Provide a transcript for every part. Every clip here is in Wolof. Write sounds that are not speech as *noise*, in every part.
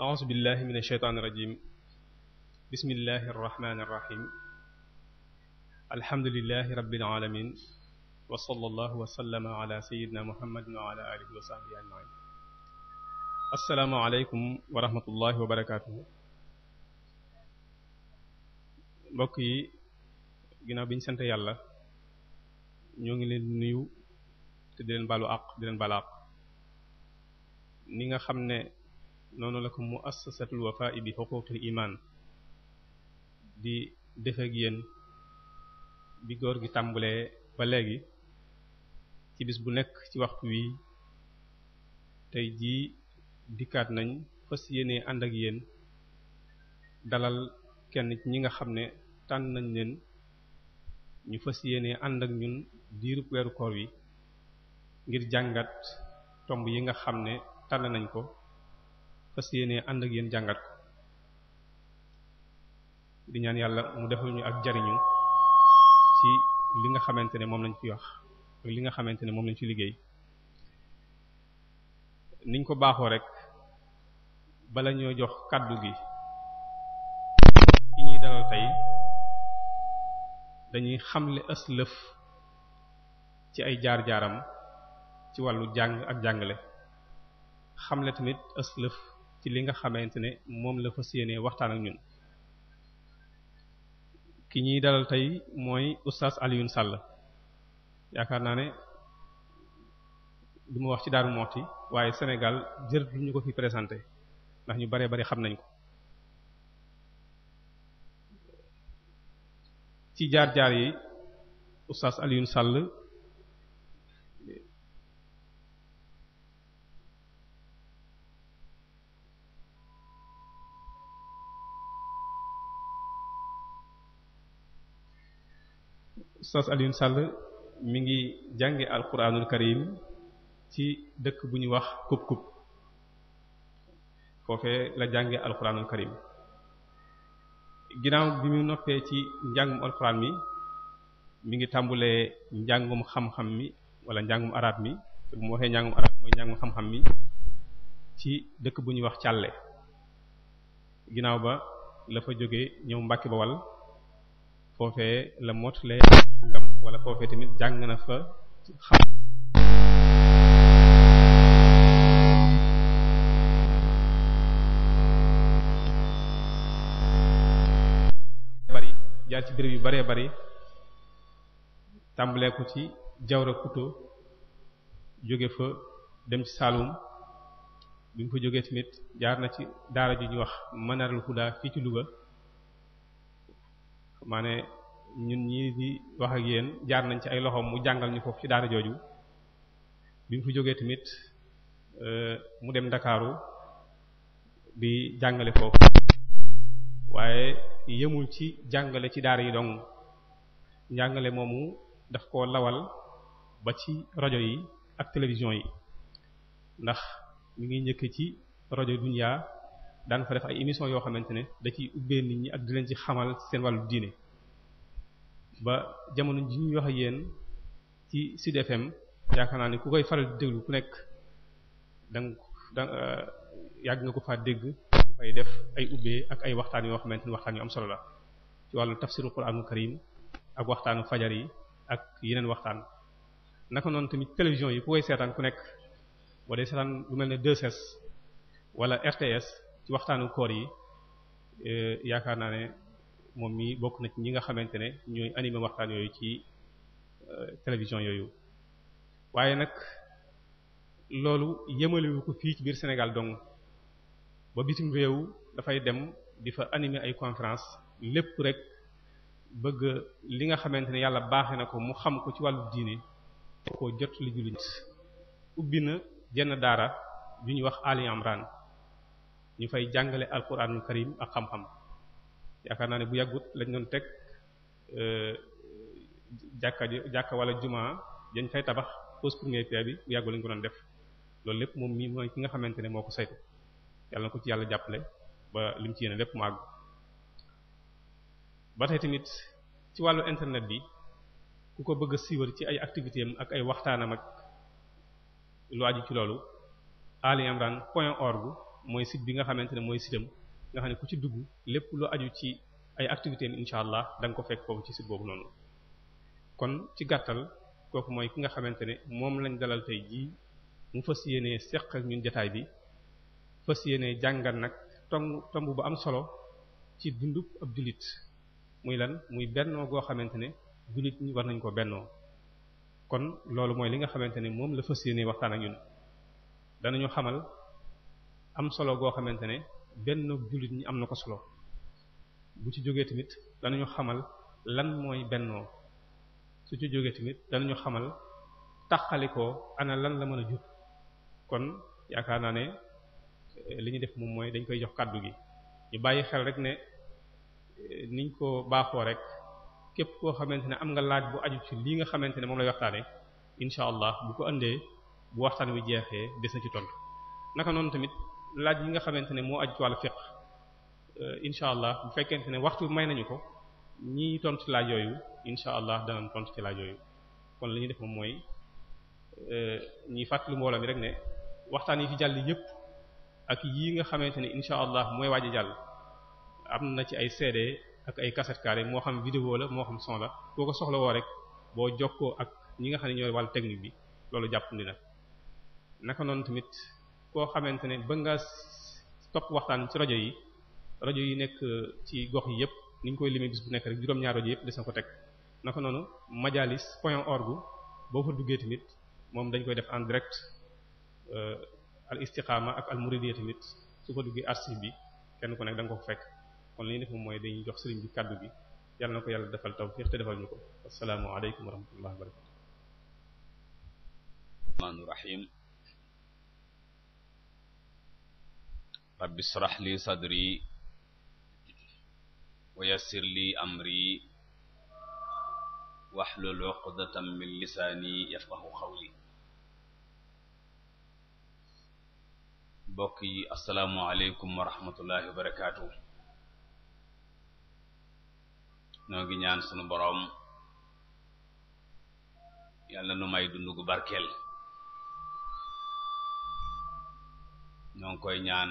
أعوذ بالله من الشيطان الرجيم بسم الله الرحمن الرحيم الحمد لله رب العالمين وصلى الله وسلم على سيدنا محمد وعلى آله وصحبه أجمعين السلام عليكم ورحمة الله وبركاته mbokk yi ginnaaw bi ñu sant yàlla ñoo ngi leen nuyu te di leen balu àq di leen balu ni nga xamne nono la ko muassasatul wafa'i bi huquqil iman di def ak yeen bi gor gi tambule ba legi ci bis bu nek ci waxtu wi tay ji nañ fas ak yeen dalal kenn ci ñi nga xamne tan nañ len ñu fas yéene ànd ak ñun diru koor wi ngir jangat tomb yi nga xamne tan nañ ko fas yene and ak yéen jangat ko di ñaan yalla mu defal ñu ak jariñu ci li nga xamantene mom lañ ci wax ak li nga xamantene mom lañ ci liggey niñ ko baxo rek bala ñoo jox kaddu gi ki ñi dalal tay dañuy xamle aslëf ci ay jaar-jaaram ci walu jang ak jangale xamle tamit aslëf ci li nga xamante ne moom la fas yéenee waxtaan ak ñun ki ñuy dalal tey mooy oustaz Alioune Sall yaakaar naa ne du ma wax ci Darou Moukhty waaye Sénégal jër du ñu ko fi présenté ndax ñu bare bari xam nañ ko ci jaar-jaar yi oustaz Alioune Sall Oustaz Alioune Sall mi ngi jànge alquranul karim ci dëkk bu ñuy wax kub kub foofee la jànge alquranul karim ginnaaw bi mu noppee ci njàngum alquran mi mu ngi tàmbulee njàngum xam-xam mi walla njàngum arab mi te bu mu waxee njàngum arab mooy njàngum xam-xam mi ci dëkk bu ñuy wax càlle ginnaaw ba la fa jóge ñëw Mbàkke wall foofee la mottalee wala foofee tamit jàng na fa xam bari jaar ci béréb yu baree bari tàmbalee ko ci jawra kuto jóge fa dem ci Saalum bi mu fa jógee tamit jaar na ci daara ju ñuy wax Manarul Huda fii ci Louga maa ñun ñii di wax ak yéen jaar nañ ci ay loxoom mu jàngal ñu foofu ci daara jooju bi mu fi jógee tamit euh, mu dem ndakaaru bi jàngale foofu waaye yemul ci jàngale ci daar yi dong jàngale moomu daf ko lawal ba ci rajo yi ak télévision yi ndax mu ngi njëkk ci rajo dunia daan fa def ay émission yoo xamante ne da ciy ubbee nit ñi ak di ci xamal seen wàllu diine ba jamono ji ñuy wax yéen ci Sud FM yaakaar naa ne ku koy faral di déglu ku nekk da nga eh, yàgg nga ko faa dégg fay def ay ubbee ak ay waxtaan yoo xamante ni waxtaan yu am solo la ci wàllu tafsiru Qur'aanul Karim ak waxtaanu fajar yi ak yeneen waxtaan naka noonu tamit télévision yi ku koy seetaan ku nekk boo dee lu mel 2 wala RTS ci waxtaanu koor yi eh, yaakaar naa moom mi bokk na ci ñi nga xamante ne ñooy animé waxtaan yooyu ci euh, télévision yooyu waaye nag loolu yemalewu ko fii ci biir Sénégal dong ba bitim réew dafay dem bi fa animé ay conférence lépp rek bëgg li nga xamante ne yàlla baax na ko mu xam ko ci wàllu diine koo jot li jullit ubbi na jenn daara ju ñuy wax Ali Imran ñu fay jàngale alquranul karim ak xam-xam yaakaar naa ne bu yagut lañ doon tek euh wala juma dañ fay tabax pause premier pierre bi bu yagul lañ ko doon def lool lepp mom mi mooy ki nga xamantene moko saytu yalla nako ci yalla jappale ba lim ci yene lepp mu àgg tamit ci walu internet bi ku ko bëgg a ci ay activité am ak ay waxtaanam ak lu waji ci loolu ali point org site bi nga xamantene moy mooy nga xam ne ku ci dugg lépp lu aju ci ay activité yi incha allah da ko fekk foofu ci site boobu noonu kon ci gàttal kooku mooy ki nga xamante ne moom lañ dalal tey jii mu fas yéenee seq ak ñun bi fas yéenee jàngal nag tomb tomb am solo ci dundub ab muy lan muy bennoo goo xamante ne jullit ñi war nañ ko bennoo kon loolu mooy li nga xamante ne moom la fas yéenee waxtaan ak ñun danañu xamal am solo goo xamante ne benn jullit ñi am na ko solo bu ci jógee tamit danañu xamal lan mooy bennoo su ci jógee tamit danañu xamal taxalikoo ana lan la mën a jur kon yaakaar naa ne eh, li ñu def moom mooy dañ koy jox kàddu gi ñu bàyyi xel rek ne eh, niñ ko baaxoo rek képp koo xamante ne am nga laaj bu aju ci lii nga xamante ne moom lay waxtaane incha allah bu ko indee bu waxtaan wi jeexee des na ci tontu naka noonu tamit laaj yi nga xamantene mo moo aju ci wàllu fiqh incha bu fekkente ne waxtu may nañu ko ñi tontu ci laaj yoyu inshallah da nañ tontu ci laaj yoyu kon li def moom mooy ñi fatlu mbolam rek ne waxtaan yi fi jàll yépp ak yi nga xamantene inshallah moy waji jàll amna ci ay CD ak ay cassette carré mo xam vidéo la mo xam son la boko soxla wo rek bo jokko ak ñi nga xam ne ñooy wàllu technique bi lolu jàpp ni nak naka non tamit ko xamantene ba nga topp waxtan ci radio yi radio yi nek ci gox yi yep ni ñu koy limi bis bu nek rek juróom ñaaro yep yëpp ko tek naka nonu majalis point orgu boo fa duggé tamit mom dañ koy def en direct euh, al istiqama ak al muridiyya tamit su ko duggé archive bi kenn ko nek dang ko fekk kon li ñu def moom mooy dañuy jox serigne bi kaddu bi yalla nako yalla defal tawfiq te defal ñuko assalamu alaykum wa rahmatullahi wa barakatuh rabbi israh li sadri wa yassir li amri wahlul uqdatan min lisaani yafqahu qawli mbokk yi assalaamu aleykum wa rahmatullahi wa barakaatuh noo ngi ñaan sunu boroom yàlla nu may dund gu barkeel ñoo ngi koy ñaan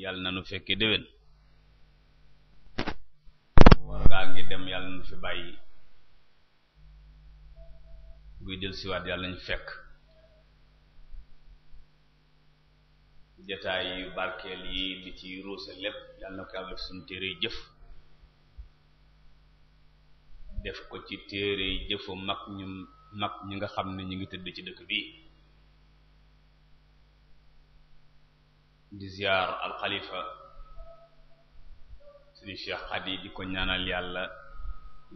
yàlla na nu fekkee déwén war gaa ngi dem yàlla na nu fi bàyyi buy del siwaat yàlla nañu fekk jataay yu barkeel yi di ci ruuse lépp yàlla na ko yàlla def suñu jëf def ko ci téere jëfu mag ñu mag ñi nga xam ne ñu ngi tëdd ci dëkk bii di ziar al khalifa sidi cheikh khadi di ko ñaanal yalla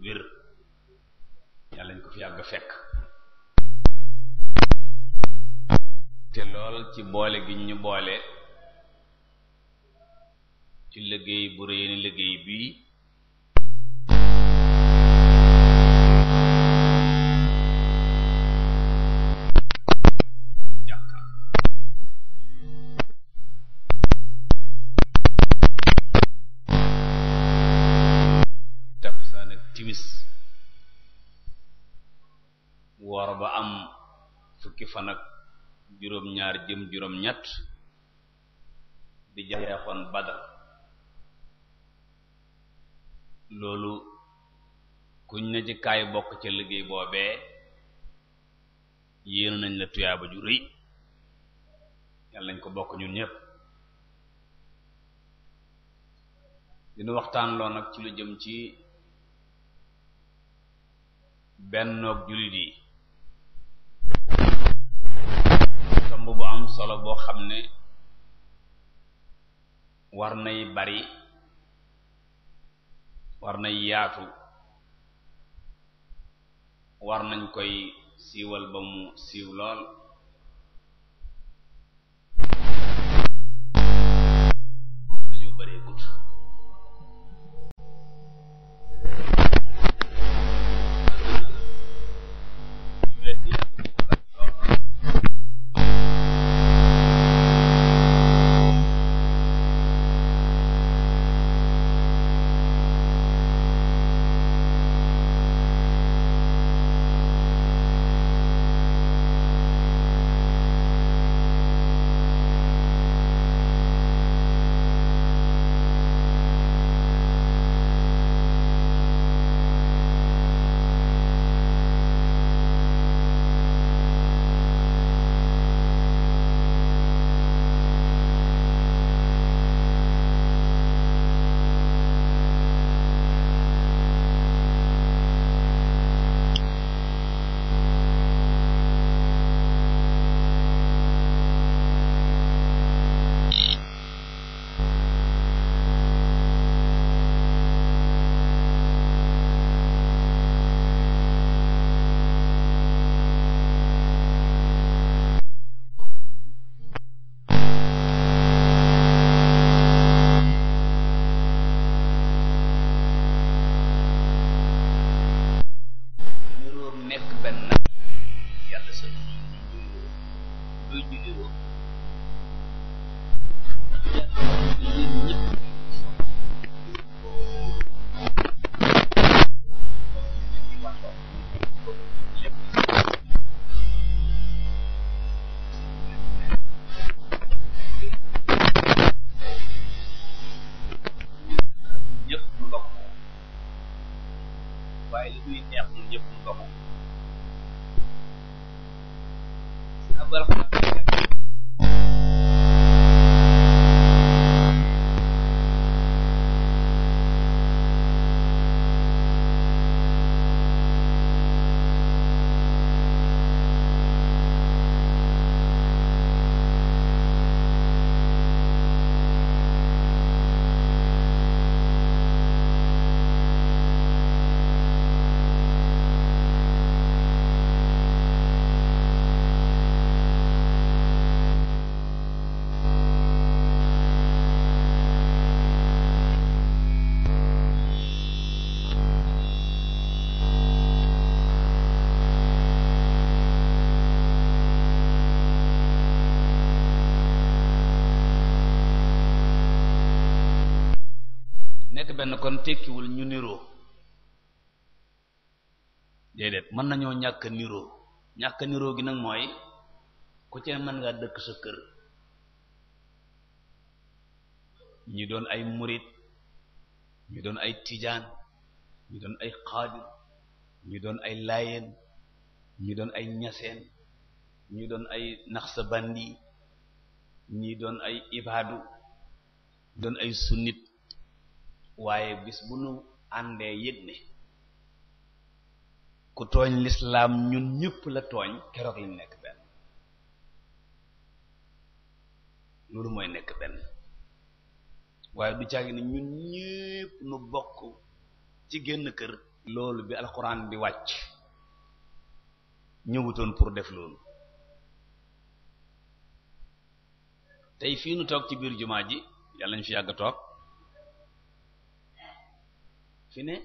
wir yalla ñu ko fi yagga fekk te lol ci boole gi ñu boole ci liggey bu reene liggey bi fukki fan ak juróom ñaar jëm juróom ñett di jaxeexoon Badar loolu kuñ na ci bokk ca liggéey boobee yéen nañ la tuyaaba ju rëy yàlla nañ ko bokk ñun ñëpp dina waxtaan loo nag ci lu jëm ci bennoog jullit yi bu am solo boo xam ne war nay bari war nay yaatu war nañ koy siiwal ba mu siiw lool ndax dañoo bari gudd benn kon tekkiwul ñu niroo déedéet mën nañoo ñàkk niroo ñàkk niroo gi nag mooy ku ci mën ngaa dëkk sa kër ñi doon ay murit ñi doon ay tijaan ñi doon ay xaadir ñi doon ay laayeen ñi doon ay ñaseen ñi doon ay naxsabandi ñi doon ay ibaadu doon ay sunnit waaye bis bu nu àndee yëg ne ku tooñ lislaam ñun ñëpp la tooñ keroog yi nekk benn loolu mooy nekk benn waaye du caagi ni ñun ñëpp nu bokk ci génn kër loolu bi alxuraan bi wàcc ñëwutoon pour def loolu tey fii nu toog ci biir jumaa ji yàlla ñu fi yàgg toog fi ne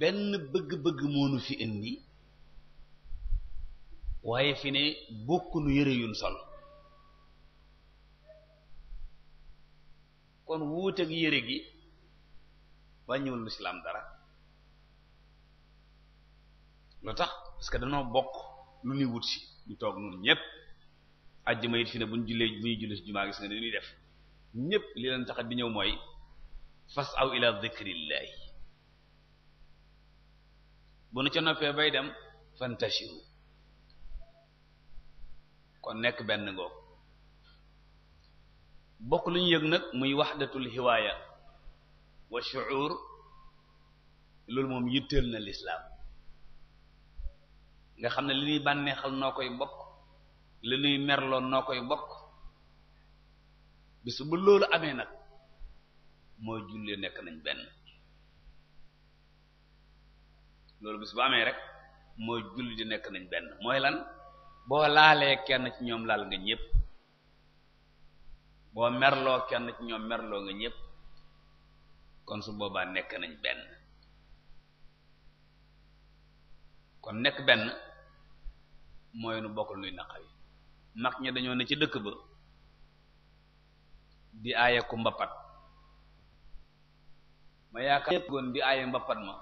benn bëgg-bëgg moonu fi indi waaye fi ne bokkuñu yëre yuñ sol kon wuuteeg yére gi wàññiwul lislaam dara lu tax parce que danoo bokk lu ñuy wut si ñu toog nun ñépp àjjuma it fi ne bu ñu jullee bu ñuy jullee si jumaa gis nga ni ñuy def ñépp li leen tax bi ñëw mooy fas aw ila dhikrillahi bu nu ca noppee bay dem fantashiru kon nekk benn ngoog bokk lu ñu yëg nag muy waxdatul hiwaaya wa shu'ur loolu moom yitteel na lislaam nga xam ne li ñuy bànneexal noo koy bokk li ñuy merloo noo koy bokk bis bu loolu amee nag moo jullee nekk nañ benn loolu ba bu amee rek mooy julli di nekk nañ benn mooy lan boo laalee kenn ci ñoom laal nga ñépp boo merloo kenn ci ñoom merloo nga ñépp kon su boobaa nekk nañ benn kon nekk benn mooy nu bokkul luy naqari mag ñi dañoo ne ci dëkk ba di aaye ku mbappat ma yaakaar goon di aaye mbappat ma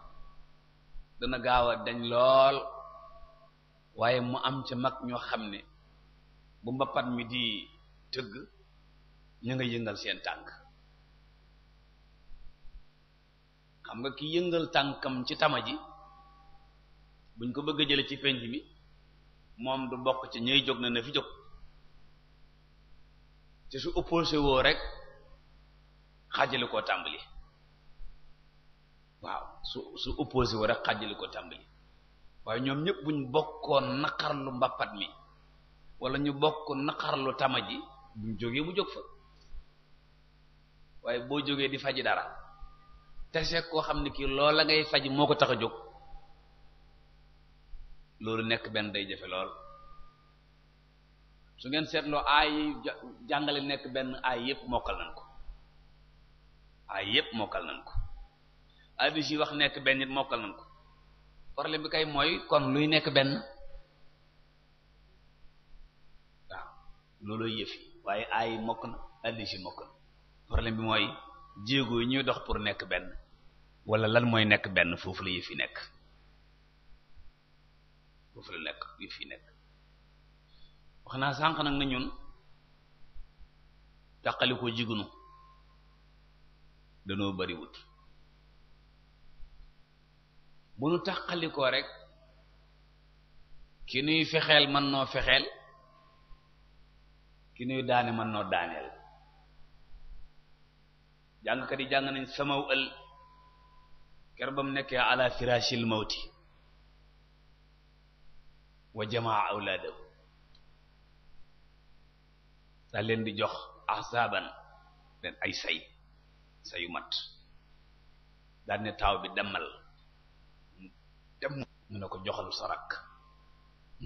dana gaaw a dañ lool waaye mu am ca mag ñoo xam ne bu mbappat mi di tëgg ñu nga yëngal seen tànk xam nga ki yëngal tànkam ci tama ji buñ ko bëgg a jële ci penc mi moom du bokk ci ñuy jóg na na fi jóg te su opposé woo rek koo tàmbali waaw su su opposé wu rek xàjjali ko tàmbali waaye ñoom ñëpp buñ bokkoon naqarlu mbappat mi wala ñu bokk lu tama ji buñ jógee mu jóg fa waaye boo jógee di faji dara tese koo xam ni kii loola ngay faj moo ko tax a jóg loolu nekk benn day jafe lool su ngeen seetloo aay jàngale nekk benn aay yépp mokkal nañ ko aay yépp mokkal nañ ko abus yi wax nekk benn nit mokkal nañ ko problème bi kay mooy kon luy nekk benn waaw looloo yëf yi waaye aay yi mokk na abus yi mokk na problème bi mooy jéego yi ñuy dox pour nekk benn wala lan mooy nekk benn foofu la yëf yi nekk foofu la nekk yëf yi nekk wax naa sànq nag na ñun tàqali ko jigunu danoo bariwut buñu takhaliko rek ki nuy fexel man no fexel ki nuy daane mën noo daaneel ka di jàng nañ sama wul ker bam nekkee ala firashil mawti wa jamaa awlaadahu dalen di jox ahsaban leen ay say sayu mat dal ne taw bi demal dem mu ne ko joxal sa rakk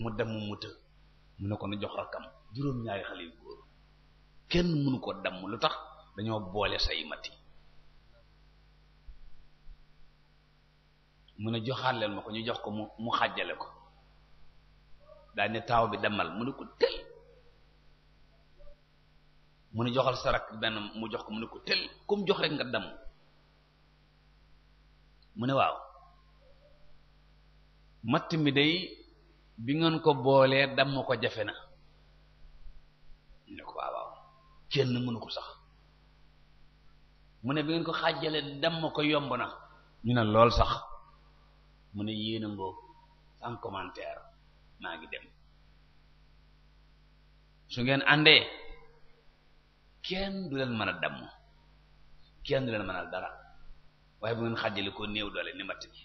mu dem mu të mu ne ko na jox rakkam juróom-ñaari xale yu góor kenn mënu ko damm lu tax dañoo boole say mati mu ne joxaat leen ma ko ñu jox ko mu mu xàjjale ko daal ne taaw bi demal mu ne ko tël mu ne joxal sa rakk benn mu jox ko mu ne ko tël comme jox rek nga dem mu ne waaw matt mi day bi ngeen ko boolee damm ko jafe na ñu ne ko waaw kenn mënu ko sax mu ne bi ngeen ko xàjjale damm ko yomb na ñu ne lool sax mu ne yéen a ngoo sans commentaire maa ngi dem su ngeen àndee kenn du leen mën a damm kenn du leen mën a dara waaye bu ngeen xàjjale ko néew doole ni matt bi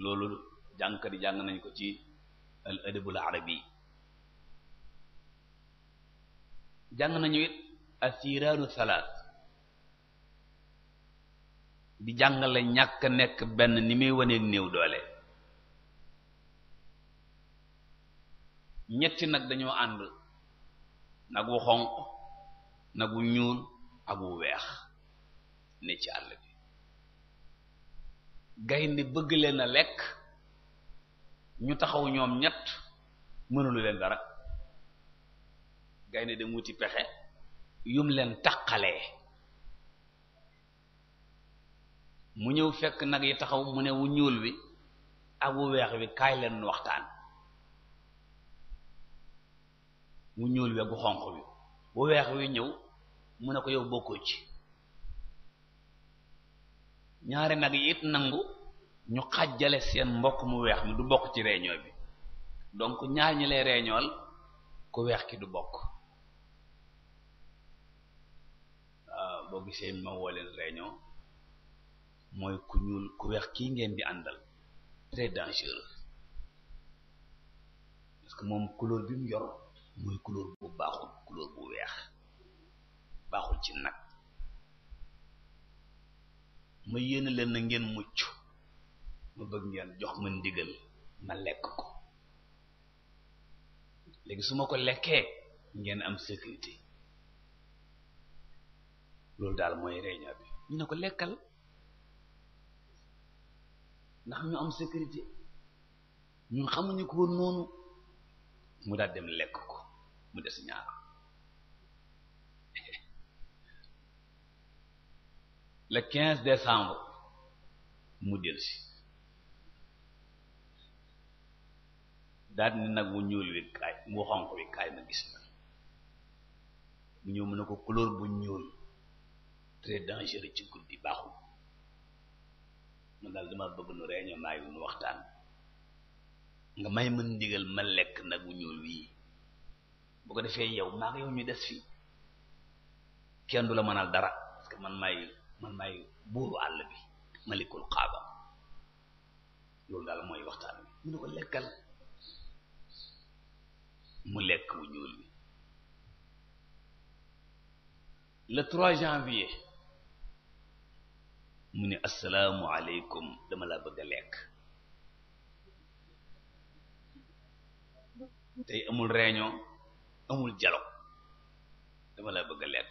loolu jàngkat yi jàng nañ ko ci al adabul arabi jàng nañu it asiraanu salaas di jàngale ñàkk nekk benn ni muy wane néew doole ñetti nag dañoo ànd nag wu xonq nag wu ñuul ak wu weex ne ci àll gaynde bëgg leen a lekk ñu taxaw ñoom ñett mënulu leen dara gaynde dem wuti pexe yum leen taqalee mu ñëw fekk nag yi taxaw mu ne wu ñuul wi ak wu weex wi kaay leen waxtaan wu ñuul wi ak wu xonq wi wu weex wi ñëw mu ne ko yow bokkoo ci ñaari nag yi it nangu ñu xàjjale seen mbokk mu weex mi du bokk ci réunion bi donc ñaar ñi lay réunional ku weex ki du bokk waaw ah, boo gisee ma woo leen mooy ku ñuul ku weex ki ngeen di àndal très dangereux parce moom couleur bi mu yor mooy couleur bu baaxul couleur bu weex baaxul ci nag ma yéene leen na ngeen mucc ma bëgg ngeen jox ma ndigal ma lekk ko léegi su ma ko lekkee ngeen am sécurité loolu daal mooy réunion bi ñu ne ko lekkal ndax ñu am sécurité ñun xamuñu ko woon noonu mu daal dem lekk ko mu des ñaar le quinze décembre mu delsi daal ni nag wu ñuul wi kaay mu xonq wi kaay ma gis na mu ñëw mu ne ko couleur bu ñuul très dangereux ci guddi baaxul man daal dama bëgg nu réunion maa nu waxtaan nga may mën ndigal ma lekk nag wu ñuul wii bu ko defee yow maa ngi yow ñu des fii kenn du la mënal dara parce man may man may buru àll bi malikul qaba lol dal moy waxtan bi mu ko lekkal mu lek wu ñool bi le 3 janvier mu ne assalamu alaykum dama la bëgg lek tay amul réunion amul dialogue dama la bëgg lek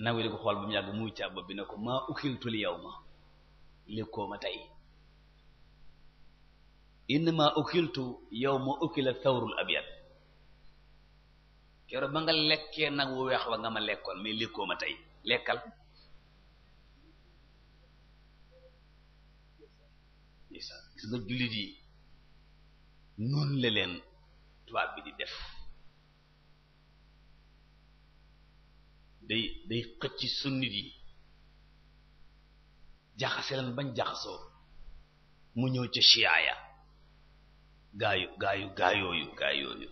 nawe di ko xool ba mu yàgg muy càbb bi ne ko maa ukiltul yawma lékkoo ma tey innama ukiltu yawma ukila thawrul abyad kero ba nga lekkee nag wu weex wa nga ma lekkoon mais lékkoo ma tey lekkal gis nga jullit yi noonu la leen tubaab bi di def day day xëcc sunnit yi jaxase lan bañ jaxasoo mu ñëw ca chiaaya gaayu gaayu gaayooyu gaayooyu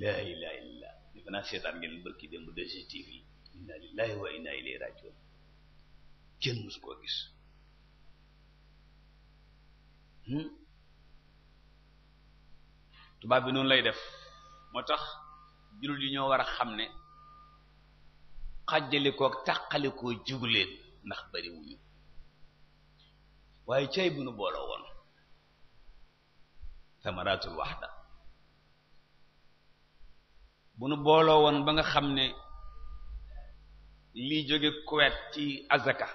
laa *laughs* ilaha illallah dafa seetaan ngeen bërki démb DGTV inna lillahi wa inna ilayhi rajiun kenn musu koo gis hmm? tubaab bi noonu lay def moo tax jullit yi ñoo war a xam ne xàjjalikook tàqalikoo jiguleen ndax bari waaye cay bu nu booloo woon tamaratul waxda bu nu booloo woon ba nga xam ne lii jóge Kuwait ci azaka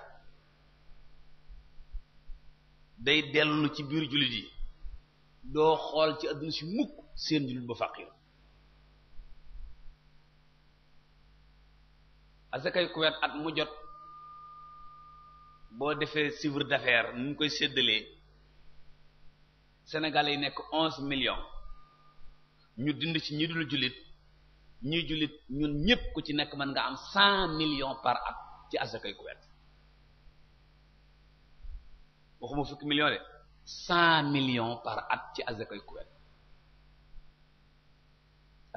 day dellu ci biir jullit yi doo xool ci adduna si mukk seen jullit ba faqir asakay kuwet at mu jot boo defee chiffre d'affaires mu ngi koy séddalee sénégalais yi nekk onze millions ñu dind ci ñi dul jullit ñuy jullit ñun ñëpp ku ci nekk mën nga am cent million par at ci asakay kuwet waxuma fukki millions de cent million par at ci asakay kuwet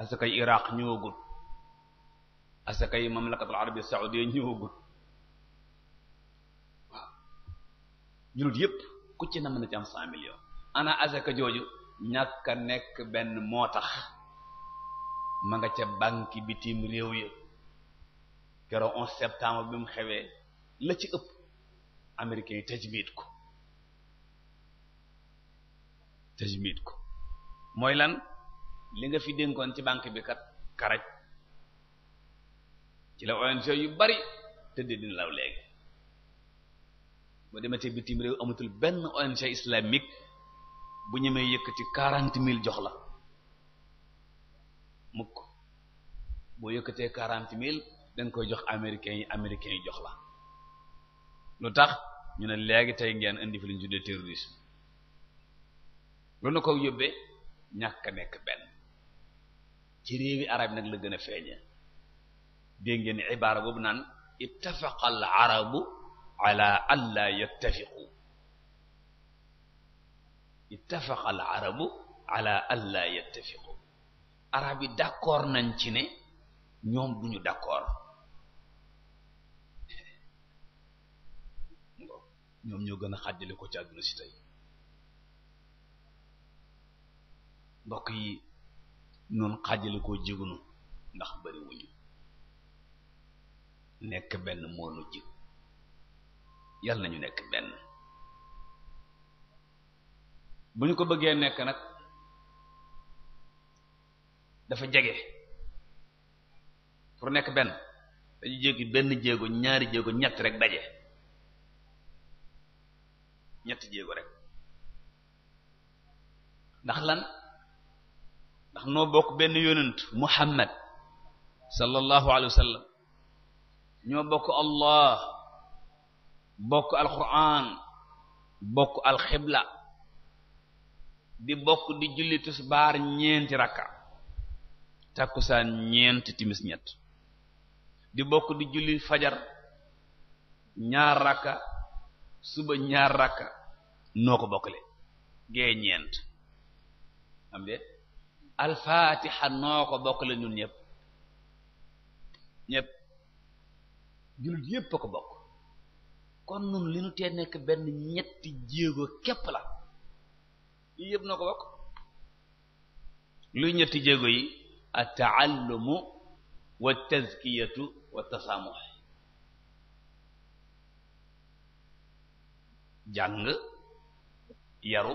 asakay iraq ñëwagul asaka yi mamlakatul arabia saoudia ñëwagut waaw jullit yépp ku ci na mën a ci am cent millions ana asaka jooju ñàkk nekk benn moo tax ma nga ca banque bitim réew ya keroog 11 septembre bi mu xewee la ci ëpp américains yi tajmiit ko tajmiit ko mooy lan li nga fi dénkoon ci banque bi ka karaj ci la ONG yu bari tëdd dina law léegi ba dematee bitim réew amatul benn ONG islamique bu ñemee yëkkati quarante mille jox la mukk boo yëkkatee quarante mille danga koy jox américains yi américains yi jox la lu tax ñu ne léegi tey ngeen indi fi lu ñu tuddee terrorisme lu na ko yóbbee ñàkk a nekk benn ci réewi arab nag la gën a feeñe dégg ngeen ibaara boobu naan ittafaqa al arabu alla yattafiqu ittafaqa al nañ ci ne ñoom duñu d'accord ñoom ñoo gën a xàjjale ko ci àdduna si tey mbokk yi noonu xàjjale koo jigunu ndax bari nekk benn moonu ji yàlla nañu nekk benn bu ñu ko bëggee nekk nag dafa jege pour nekk benn dañu jéggi benn jéego ñaari jéego ñett rek daje ñett jéego rek ndax lan ndax noo bokk benn yonent Muhammad sallallahu alayhi wa ño bokk allah bokk alquran bokk alxibla di bokk di julli bar nyentiraka, rakka takusan ñeenti timis ñet di bokk di julli fajar ñaar rakka suba ñaar rakka noko bokkale ge ñent am de al fatiha noko bokkale ñun ñep ñep jullit yépp a ko bokk kon nun li nu tee nekk benn ñetti jéego képp la yii yépp noo ko bokk luy ñetti jéego yi at taallumu wa tazkiyatu wa tasaamuh jàng yaru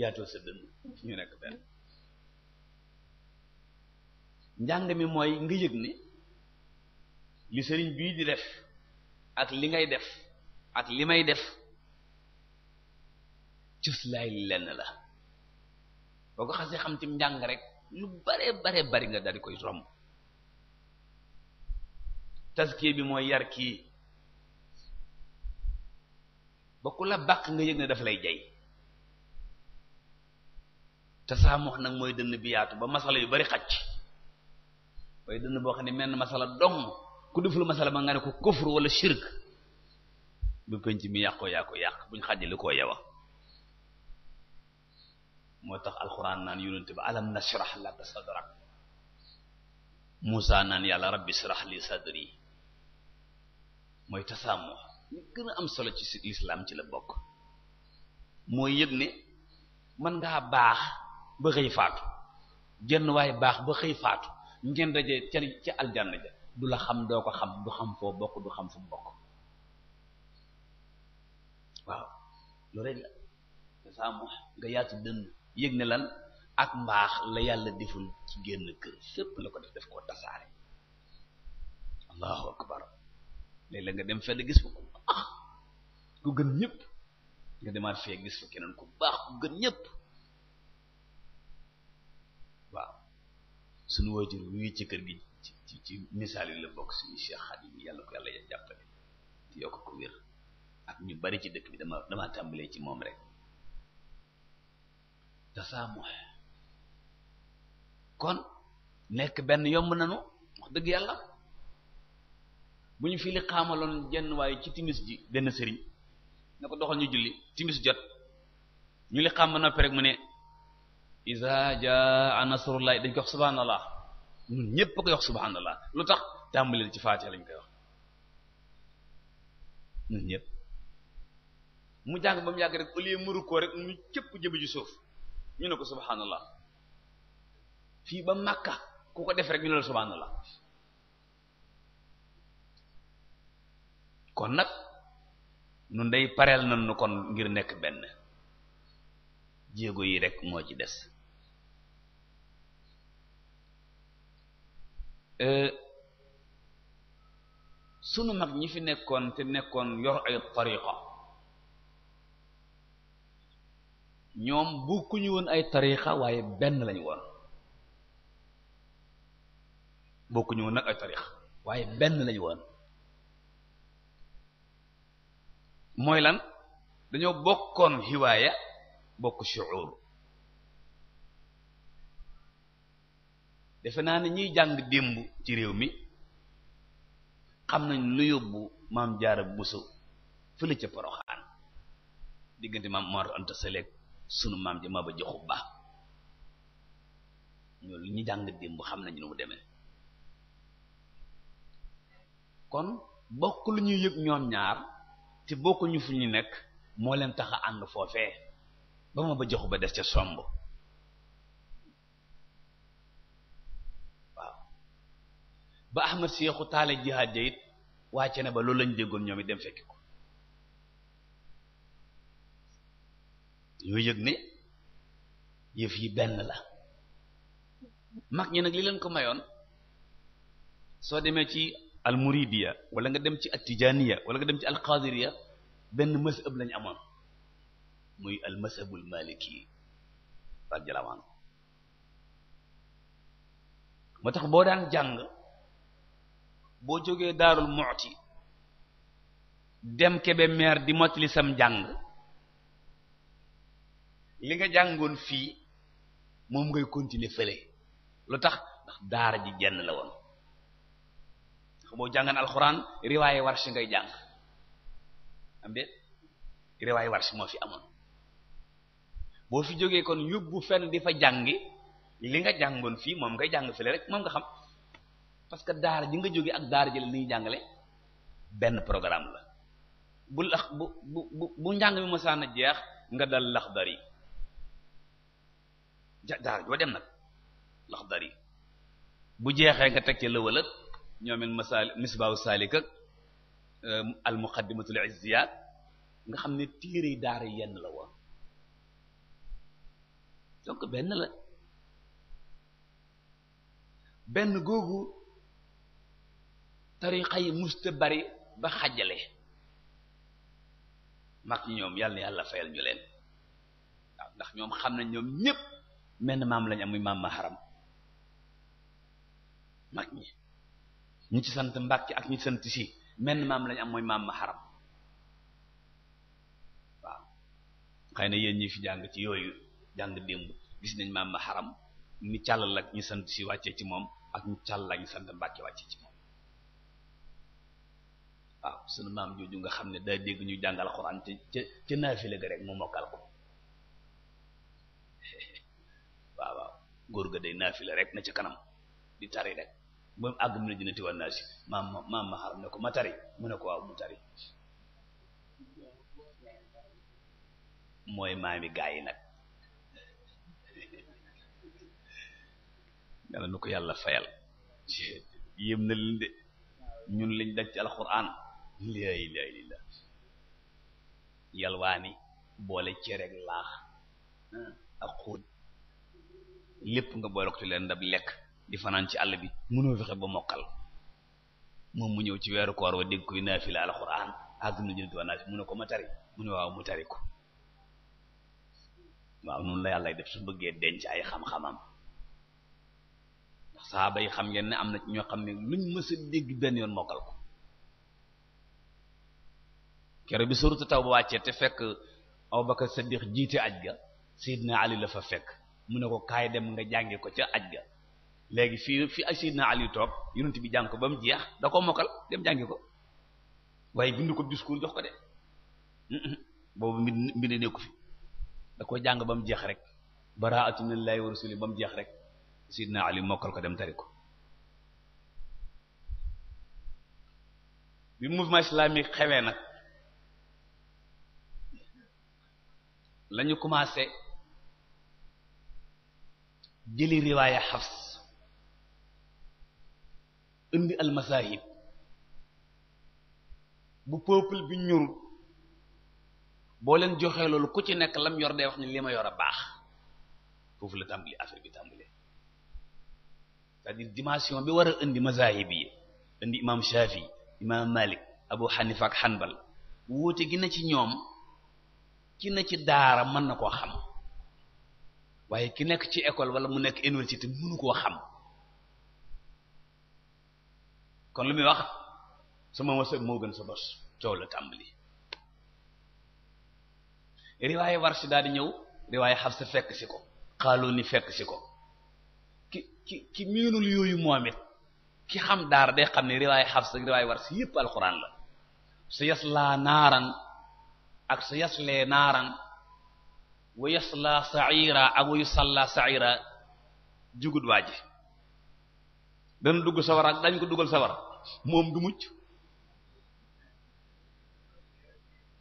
yaatoo sa dënn ñu nekk benn njàng mi mooy nga yëg ni li sëriñ bii di def ak li ngay def ak li may def cëslaay lenn la boo ko xasee xam tim njàng rek lu bare bare bari nga daal di koy romb taskiye bi mooy yar kii ba ku la bàq nga yëg ne daf lay jay tasaamux nag mooy dënn bi yaatu ba masala yu bari xacc waaye dënn boo xam ne menn masala dong ku deful masala ma nga ne ko kufr wala shirk bu penc mi yakko yakko yak buñ xàjjale koo yewa motax alquran nan yonente ba alam nashrah laka sadrak Musa nan yàlla rabbi shrah li sadri moy tasaamoo ñu gën am solo ci lislaam ci la bok moy yëg ne mën ngaa baax ba xëy faatu jenn way bax ba xëy faatu ngeen daje ci aljanna ja du la xam doo ko xam du xam foo bokk du xam fu bokk waaw loolu rek la nga nga yaatu dënn yëg ne lan ak mbaax la yàlla deful ci génn kër fépp la ko def def ko tasaare allahu akbar léeg la nga dem fenn gis fa ku baax ku gën ñëpp demaat fee keneen ku gën ñëpp waaw suñu waajur wi kër gi ci ci yi la bok suñu cheikh xadim yalla ko yalla ya jàppale ci yok ko wir ak ñu bari ci dëkk bi dama dama tàmbalee ci mom rek tasamuh kon nek ben yomb nañu wax dëgg yalla buñu fi li xamalon jenn way ci timis ji den sëriñ na doxal ñu julli timis jot ñu li xam na noppi mu ne iza jaa nasrullahi dañ ko ñun ñépp koy wax subhaanallah lu tax tàmbaleel ci faatiha lañ koy wax ñun ñépp mu jàng ba mu yàgg rek au lieu mu rukkoo rek ñu ji suuf ñu ne ko subhaanallah fii ba Makka ku ko def rek ñu la subhaanallah kon nag nun day pareel na nu kon ngir nekk benn jéego yi rek moo ci des Euh, sunu mag ñi fi nekkoon te nekkoon yor ay tariqa ñoom bokkuñu woon ay tariqa waaye benn lañu woon bokkuñu woon nag ay tariqa waaye benn lañu woon mooy lan dañoo bokkoon hiwaaya bokk shu'ur defe naa ne ñuy jàng démb ci réew mi xam nañ lu yóbbu maam jaara buso fële ca poroxaan diggante maam Mor Anta Sali sunu maam ja ma ba joxu ba ñoo lu ñu jàng démb xam nañ nu mu demee kon bokk lu ñuy yëg ñoom ñaar te bokku ñu fu ñu nekk moo leen tax a ànd foofee ba ma ba joxu ba des ca somb ba ahmad seexu taale jihaad ja it wàcce na ba loolu lañ déggoon ñoom it dem fekki ko yooyu yëg ne yëf yi benn la mag ñi nag li leen ko mayoon soo demee ci al muridiya wala nga dem ci at tijaniya wala nga dem ci al qadiriya benn masab lañ amoon muy al masabul maliki radiyallahu anhu moo tax boo daan jàng bo joge darul mu'ti dem kebe mer di motli sam jàng li nga jàngoon fi mom ngay continuer fele lutax ndax dara ji jenn la won boo jangane alquran riwaya warsh ngay jang am déet riwaya warsh mo fi amoon bo fi joge kon yobbu fen di fa li nga jàngoon fi mom ngay jang fele rek mom nga xam parce que daara ji nga joggé ak daara ji li ñuy ben programme la bu lax bu bu bu njàng mi mosaan a jeex nga dal laxdari ja daara joo dem nag laxdari bu jeexé nga teg ci lëwal ak ñoomin masaal misbaahu ak euh, al al izziyat nga xamné tiré daara yenn la woon donc ben la ben gogou tariqa yi musta bari ba xajale mak ñi ñoom yalla na fayal ñu len ndax ñoom xam nañ ñoom ñepp men maam lañ am muy maam maharam mag ñi ñi ci sant mbàkke ak ñi sante ci men maam lañ am maam maharam waaw xëy yeen ñi fi jang ci yoyu jang gis nañ maam maharam ni cyallal ak ñi sante ci wacce ci mom ak ñi cyallal ak ñi wacce ci mom waaw sunu maam jooju nga xam ne daa dégg ñu jàngal xuraan ca ca ga rek mu mokkal ko *laughs* góor ga day naafile rek na ca kanam di tari rek ba mu àgg mu ne dina tiwaan naa si maam maam ma xaram ne ko ma tari mu ne ko waaw mu tari mooy maami gaa yi nag *laughs* yàlla nu ko yàlla fayal *laughs* yéem na leen de ñun lañ daj alxuraan *laughs* laa ilaaha illallaah yalwaani boole cere ak laax ak xóot lépp nga boole ko ci leen ndab lekk di fanaan ci àll bi mënoo fexe ba mokkal moom mu ñëw ci weeru koor wa dégg koy naafila alxuraan àgg na jël tuwaa naafi mu ne ko ma tari mu ne waaw mu tari ko waaw noonu la yàlla def su bëggee denc ay xam-xamam ndax xam ngeen ne am na ñoo xam ne luñ mës a dégg benn yoon mokkal ko kere bi suratu taw ba wàccee te fekk Abubakar Siddiq jiite aj ga Seydina Ali la fa fekk mu ne ko kaay dem nga jànge ko ca aj ga léegi fii fi ay Seydina Ali toog yonent bi jàng ko ba mu jeex da ko mokkal jànge ko waaye bind ko ko de boobu mbind mbind nekku fi da ko jàng ba mu jeex rek baraa'atu minallahi wa rasulihi ba mu jeex rek Seydina Ali mokkal ko dem tari ko bi mouvement islamique xewee nag lañu commencé jëli riwaaya Hafs indi al masahib bu peuple bi ñur boo leen joxee loolu ku ci nekk lam yor day wax ni li ma yor a baax foofu la tàmbali affaire bi tàmbali c'est-à-dire dimension bi war a indi mazahib yi indi imam Shafi imam Malik Abu Hanifa Hanbal wuute gi na ci ñoom ki na ci daara man na koo xam waaye ki nekk ci école wala mu nekk université mënu koo xam kon lu muy wax sama wasa moo gën sa bos coow la tàmbali riwaaye warsi daal di ñëw riwaaye xaf sa fekk si ko xaaloo ni fekk si ko ki ki ki miinul yooyu ki xam daara day xam ne riwaaye xaf sa riwaaye yépp alquran la sa yas ak sa yaslee naaran wa yasla saira ak wa sallaa saira jugut waa ji dana dañ ko dugal sawar moom du mucc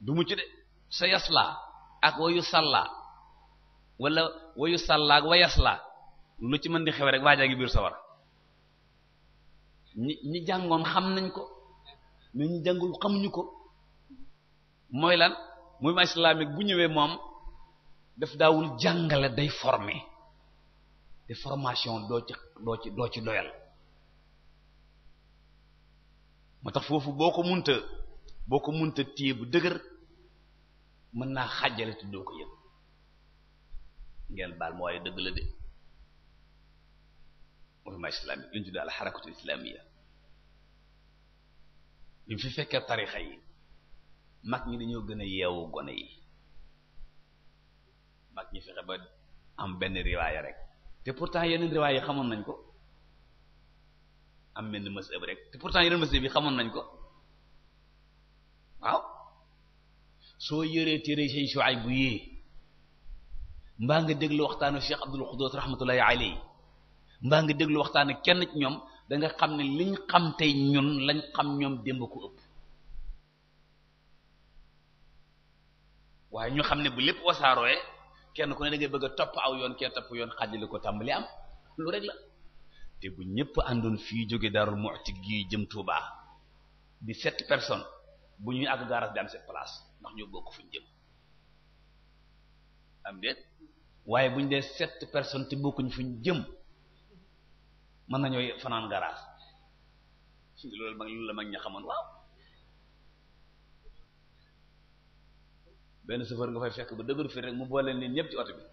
du mucc de sa yasla ak wa yusalla wala wa yusalla ak wa yasla lu ci mën di xew rek waajaa ngi biir sawar ñi ñi jàngoon xam nañ ko mais ñi jàngul xamuñu ko mooy lan mouvement islamique bu ñëwee moom daf daawul jàngale day former te formation doo ci doo ci doo ci doyal moo tax foofu boo ko munta boo ko munta téye bu dëgër mën naa xàjjale te doo ko yëg ngeen baal ma waaye dëgg la de mouvement islamique li ñu tuddee al li mu fi fekkee tarixa yi mag ñi dañoo gën a yeewu gone yi mag ñi fexe ba am benn riwaaya rek te pourtant yeneen riwaaya yi xamoon nañ ko am benn mës ëb rek te pourtant yeneen mës bi xamoon nañ ko waaw soo yëree téere seen shuay bu yii mbaa nga déglu waxtaanu Cheikh Abdul Xudóos rahmatullahi alayhi mbaa nga déglu waxtaanu kenn ñoom danga nga xam ne liñ xam tey ñun lañ xam ñoom démb ko ëpp waaye ñu xam ne bu lépp wasaarooyee kenn ku ne da bëgg a topp aw yoon kee topp yoon xàjjale ko tàmbali am lu rek la te bu ñëpp àndoon fii jóge Darou Moukhty gii jëm Touba di sept personnes bu ñuy àgg garage di am sept place ndax ñoo bokk ñu jëm am déet waaye bu ñu dee sept personnes bokkuñ fuñ jëm mën nañoo fanaan garage loolu mag loolu la mag ña xamoon waaw benn chauffeur nga fay fekk ba dëgër fi rek mu boole leen ñëpp ci oto bi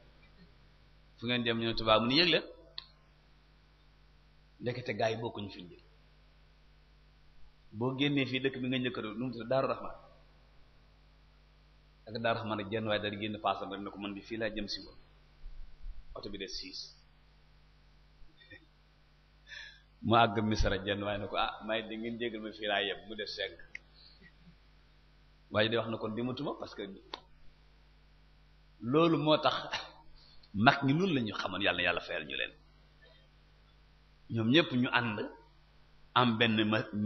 fu ngeen dem ñëw tubaab mu ni yëg leen ndekete gaa yi bokkuñu fi ñu boo génnee fii dëkk bi nga njëkk a nu mu tudd Daaru Rahman ak Daaru Rahman ak jenn waaye daal génn paasam rek ne ko man bi fii laa jëm si woon oto bi des siis *laughs* mu àgg misara jenn waaye ne ko ah may di ngeen jégal ma fii laa yem mu def cinq waaye day wax na kon dematuma parce que loolu motax mak ñi loolu lañu xamane yàlla yàlla fayal ñu len ñom ñëpp ñu ànd am ben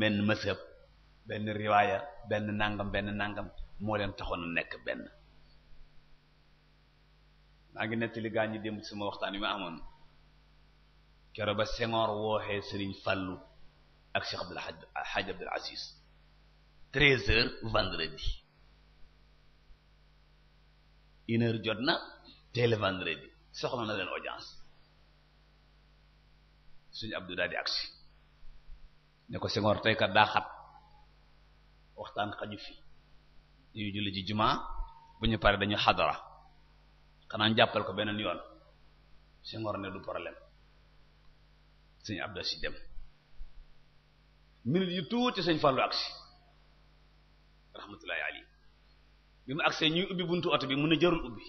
ben mësëb ben riwaya ben nangam ben nangam mo len taxone nek ben benn maa ngi nettali gaa ñi dem sama waxtaan yi ma amone kero ba Senghor he Serigne fallu ak Cheikh abdul Hadj abdul Aziz 13h vendredi une heure jotna na le vendredi soxla na len audience suñu Abdou dadi aksi ne ko Senghor tay ka da xat waxtan xaju fi ñu jël ci juma bu ñu paree dañu hadara xana jàppal ko benen yoon Senghor ne du problème suñu Abdou si dem minute yu tuuti sëñ fallu aksi rahmatullahi alayhi bi mu ñuy ubbi buntu auto bi mëna jërul jarul ubbi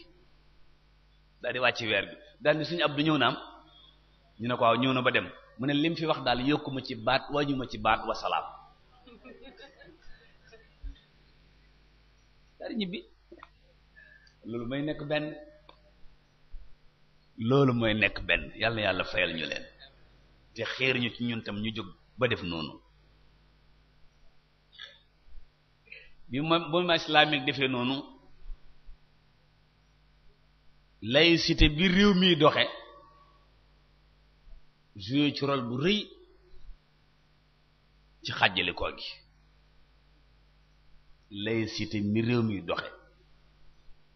daal di wàcc weer bi daal di suñu abdu ñew naam ñu ne ko waaw ñew na ba dem mëna lim fi wax daal yokkuma ci baat wàññuma ci baat wasalaam daal ñibbi lolu may nek ben lolu nek ben yalla yalla fayal ñu len te xeer ñu ci ñun tam ñu jog ba def nonu bi ma mouvement islamique defee noonu laïcité bi réew mi doxe joué ci rôle bu rëy ci xàjjale koo gi laïcité mi réew mi doxe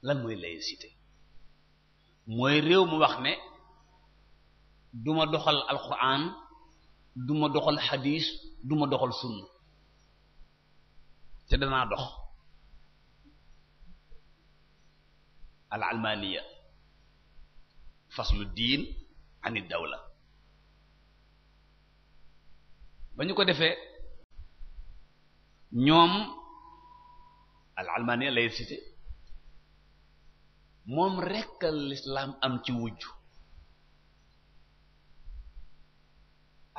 lan mooy laïcité mooy réew mu wax ne duma doxal alquran duma doxal xadiis duma doxal sunna te dana dox al almaniya faslu diin ani dawla bañu ko defé ñom al almaniya lay cité mom rekkal l'islam am ci wujju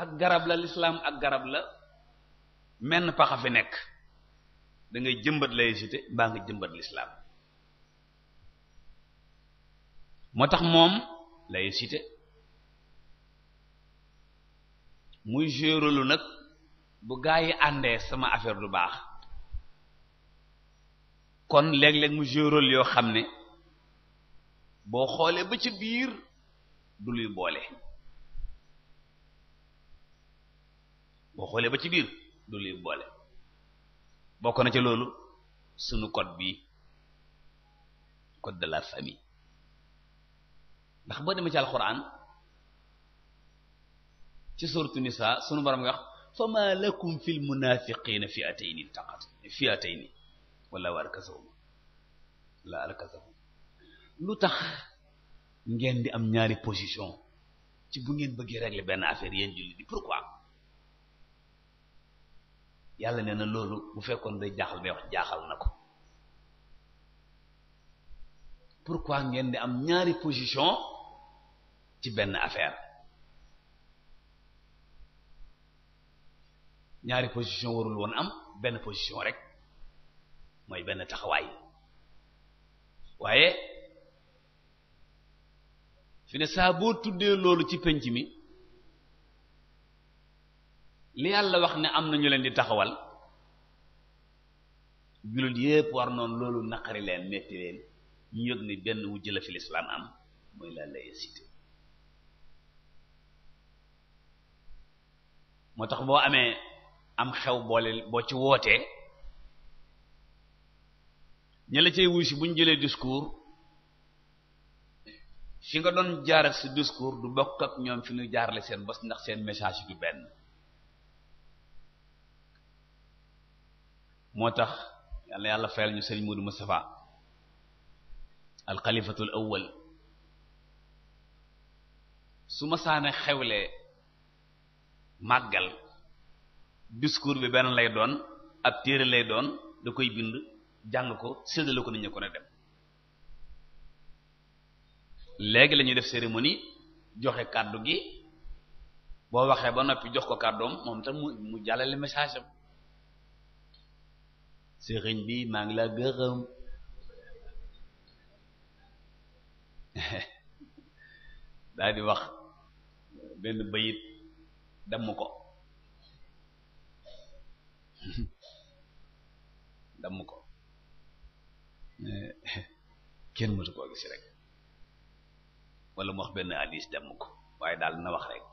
ak garab la l'islam ak garab la men paxa fi nek da ngay jëmbat laïcité mbaa nga jëmbat l'islam moo tax moom la laïcité muy géeralu nag bu gaa yi àndee sama affaire du baax kon léeg-léeg mu géeral yoo xam ne boo xoolee ba ci biir du luy boole boo xoolee ba ci biir du luy boole bokk na ca loolu sunu code bi code de la famille ndax boo demee ci alquran ci suratu nisa sunu borom nga wax fama lakum fil munafiqina fi'atayni taqat fi'atayni wala arkasahum la arkasahum lu tax ngeen di am ñaari position ci bu ngeen bëggee régler benn affaire yéen jullit di pourquoi yàlla nee na loolu bu fekkoon day jaaxal may wax jaaxal na ko pourquoi ngeen di am ñaari position ci benn affaire ñaari position warul woon am benn position rek mooy benn taxawaay waaye fi saa boo tuddee loolu ci pénc mi li yàlla wax ne am na ñu leen di taxawal jullit yépp war noonu loolu naqari leen metti leen ñu yëg benn wujj la fi lislaam am mooy la laïcité moo tax boo amee am xew boole boo ci wootee ña la cay wuy si bu ñu jëlee discours fi nga doon jaar ak si discours du bokk ak ñoom fi ñu jaarale seen bos ndax seen message du benn moo tax yàlla yàlla fayal ñu sëriñ Modou Moustapha alxalifatul awwal su ma saane xewlee màggal discours bi benn lay doon ab téere lay doon da koy bind jàng ko séddale ko nit ñi ko dem léegi la def cérémonie joxe kàddu gi boo waxee ba noppi jox ko kàddoom moom tam mu mu jàllale message am sëriñ bi maa ngi laa gërëm *laughs* daal di wax benn bayit damm ko *laughs* damm ko *laughs* kenn mësu koo gis rek wala mu wax benn hadis damm ko waaye daal na wax rek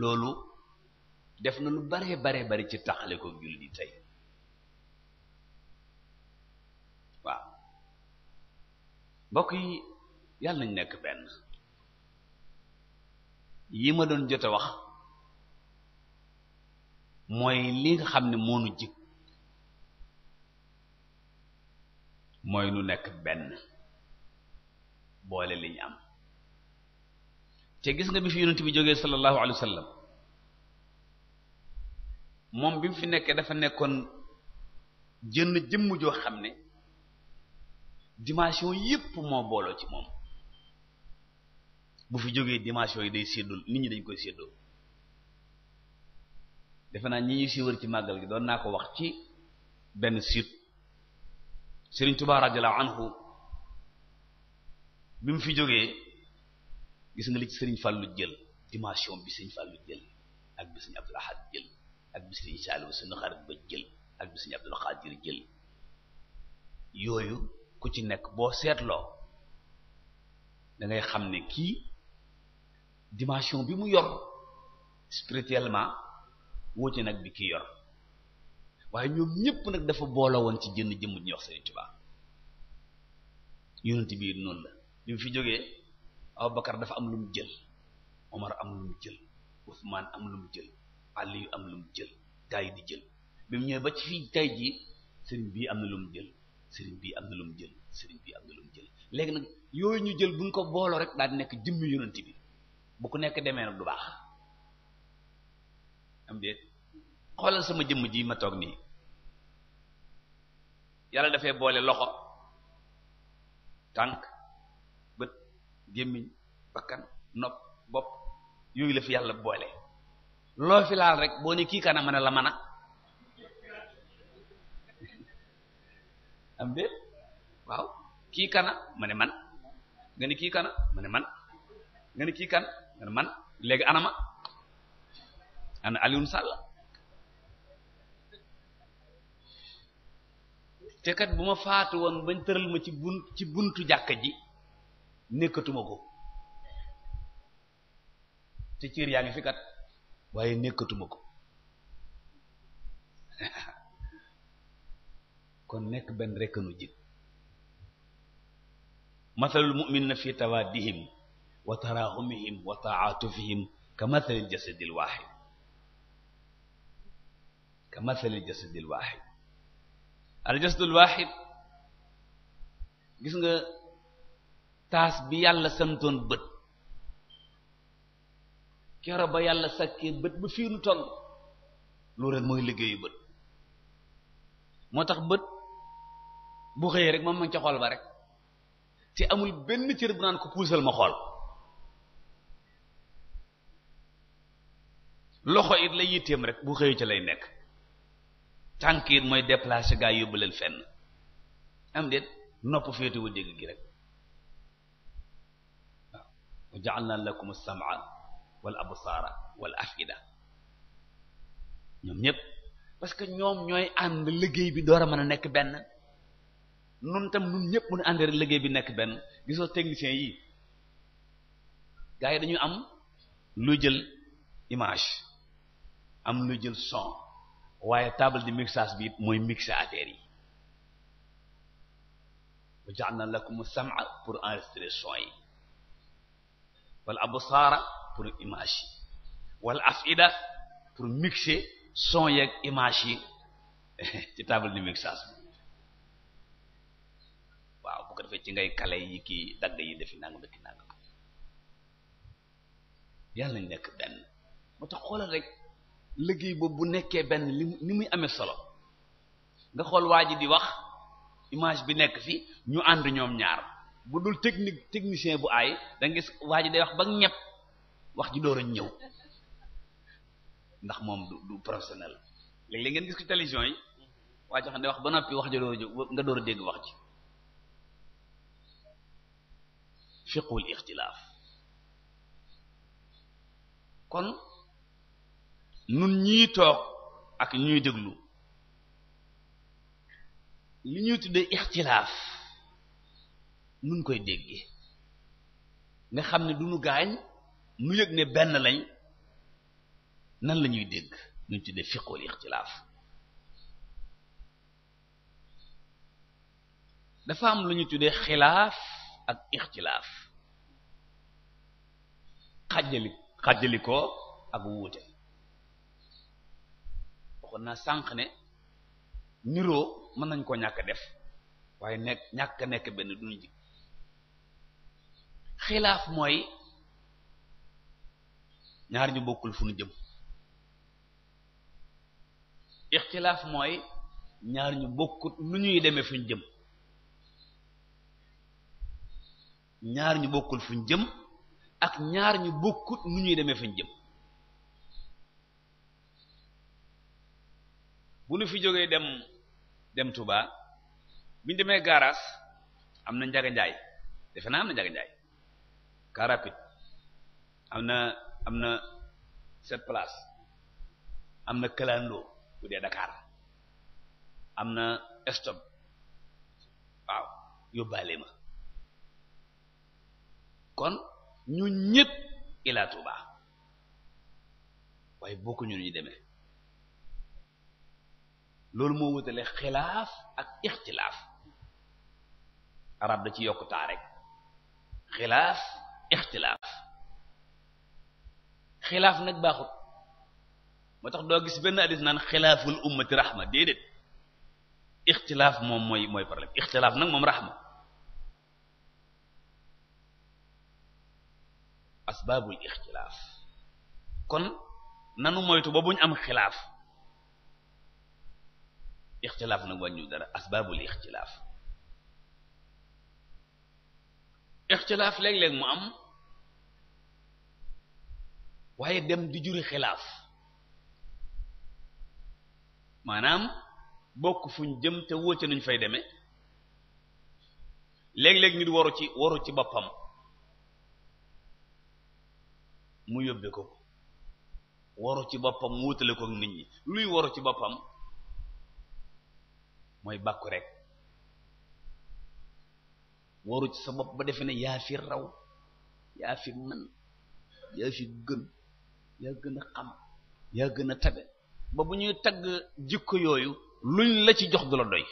loolu def na lu bare baree bari ci taxale ko jullit yi tey waaw mbokk yi yàlla nañ nekk benn yi ma doon jot a wax mooy li xam ne moonu jik mooy nu nekk benn boole li ñu am te gis nga bi fi yonent bi jógee sallallahu alayhi wa moom bi mu fi nekkee dafa nekkoon jënn jëmm joo xam ne dimension yépp moo booloo ci moom bu fi jógee dimension yi day séddoo nit ñi dañ koy séddoo defe naa ñi ñuy siiwar ci màggal gi doon naa ko wax ci benn site Serigne Touba radiyallahu anhu bi mu fi jógee gis nga li ci Serigne Fallou jël dimension bi Serigne Fallou jël ak bi Serigne Abdoul Ahad jël ak bi sëriñ Saliou sunu xarit ba jël ak bi sëriñ Abdul Xaadir jël yoyu ku ci nek bo setlo da ngay xamne ki dimension bi mu yor spirituellement wóote nak bi ki yor waye ñoom ñepp nak dafa bolo won ci jënn jëm ñuy wax Sëriñ Tuubaa yonent bi non la bi mu fi abou bakkar dafa am lu mu jël Omar am lu mu jël Usmaan am lu mu jël àll yu am lu mu jël gaa yi di jël bi mu ñëwee ba ci fii tey jii sëriñ bii am na lu mu jël sëriñ bii am na lu mu jël léegi nag yooyu ñu jël buñ ko booloo rek daal di nekk jëmmi yonent bi bu ku nekk demee nag du baax am déet xoolal sama jëmm ji ma toog nii yàlla dafay boole loxo tànk bët gémmiñ bakkan nopp bopp yooyu la fi yàlla boole lo fi laal rek boo ne kii kana mën a la mana? a am déet waaw kii kana ma ne man nga ne kana ma ne man nga ne kan nga man léegi anama ana aliun sal. te kat bu ma faatu woon bañ tëral ma ci bun ci buntu jàkka ji nekkatuma ko ciir yaa fi kat waye nekkatuma ko kon nek ben rek nu jig mathalul mu'minina fi tawaddihim wa tarahumihim wa ta'atufihim ka jasadil wahid ka jasadil wahid al jasadul wahid gis nga tas bi yàlla santone beut kero ba yàlla sakkee bët ba fii nu toll loolu rek mooy liggéeyu bët moo tax bët bu xëyee rek moom ma ca xool ba rek te amul benn cër bu naan ko puusal ma xool loxo it la yitteem rek bu xëyee ca lay nekk tànk mooy déplacer gaa yóbbu leen fenn am déet nopp féetu wu dégg gi rek waaw ja'alna lakum as-sam'a wal absara wal afida ñom ñep parce que ñom ñoy and liggey bi mana mëna nek ben nun tam nun ñep mën andere liggey bi nek ben giso technicien yi gaay dañu am lu jël image am lu jël son waye table de mixage bi moy mixé yi wa lakum sam'a pour enregistrer son wal absara pour image yi wala afida pour mixer son yeeg image yi *laughs* ci table de mixage waaw bu ci ngay kale yi kii dagg yi defi nangam dëkki yàlla nañ nekk benn moo tax xoolal rek liggéey boobu bu nekkee benn li muy amee solo nga xool waa ji di wax image bi nekk fi ñu ànd ñoom ñaar bu dul technique technicien bu aay da gis waa ji day wax ba ñepp wax ji door a ñëw ndax moom du du professionnel léeg-léeg ngeen gis ko télévision yi waa joo xam ne wax ba noppi wax ji door a jóg nga door a dégg wax ji fiqul ixtilaaf kon nun ñii toog ak ñuy déglu li ñuy tuddee ixtilaaf nun koy déggee nga xam ne du nu gaañ nu yëg ne benn lañ nan la ñuy lu ñu tuddee fiqul ixtilaaf dafa am lu ñu tuddee xilaaf ak ixtilaaf xajjali xajjalikoo ak wuute waxoon naa sànq ne niroo mën nañ koo ñàkk def waaye ñàkk nekk benn duñu ji xilaaf mooy ñaar ñu bokkul fu ñu jëm ixtilaaf mooy ñaar ñu bokkut nu ñuy demee fuñ jëm ñaar ñu bokkul fuñ jëm ak ñaar ñu bokkut nu ñuy demee fuñ jëm bu ñu fi jógee dem dem Touba buñu demee gaaraas am na njaga njaay defe naa am na njaga njaay car rapide am na amna na place amna na kalandoo bu dee Dakar amna stop waaw yóbbaale balema kon ñu ñépp ila Touba way bokku ñu ñu démé lool mo wutale khilaf ak ikhtilaf arab da ci yokuta rek khilaf ikhtilaf khilaf nak baxut motax do gis ben hadith nan khilaful ummati rahma dedet ikhtilaf mom moy moy problème ikhtilaf nak mom rahma asbabul ikhtilaf kon nanu moytu ba buñ am khilaf ikhtilaf nak wàññu dara asbabul ikhtilaf ikhtilaf leg leg mu am waaye dem di juri xilaaf maanaam bokk fuñ jëm te wóote nuñ fay demee léeg-léeg nit waru ci waru ci boppam mu yóbbe ko waru ci boppam mu wutale ko nit ñi luy waru ci boppam mooy bàkku rek waru ci sa bopp ba defe ne yaa fi raw yaa fi mën gën yaa gën a xam yaa gën a tabe ba bu ñuy tagg jikko yooyu luñ la ci jox du la doy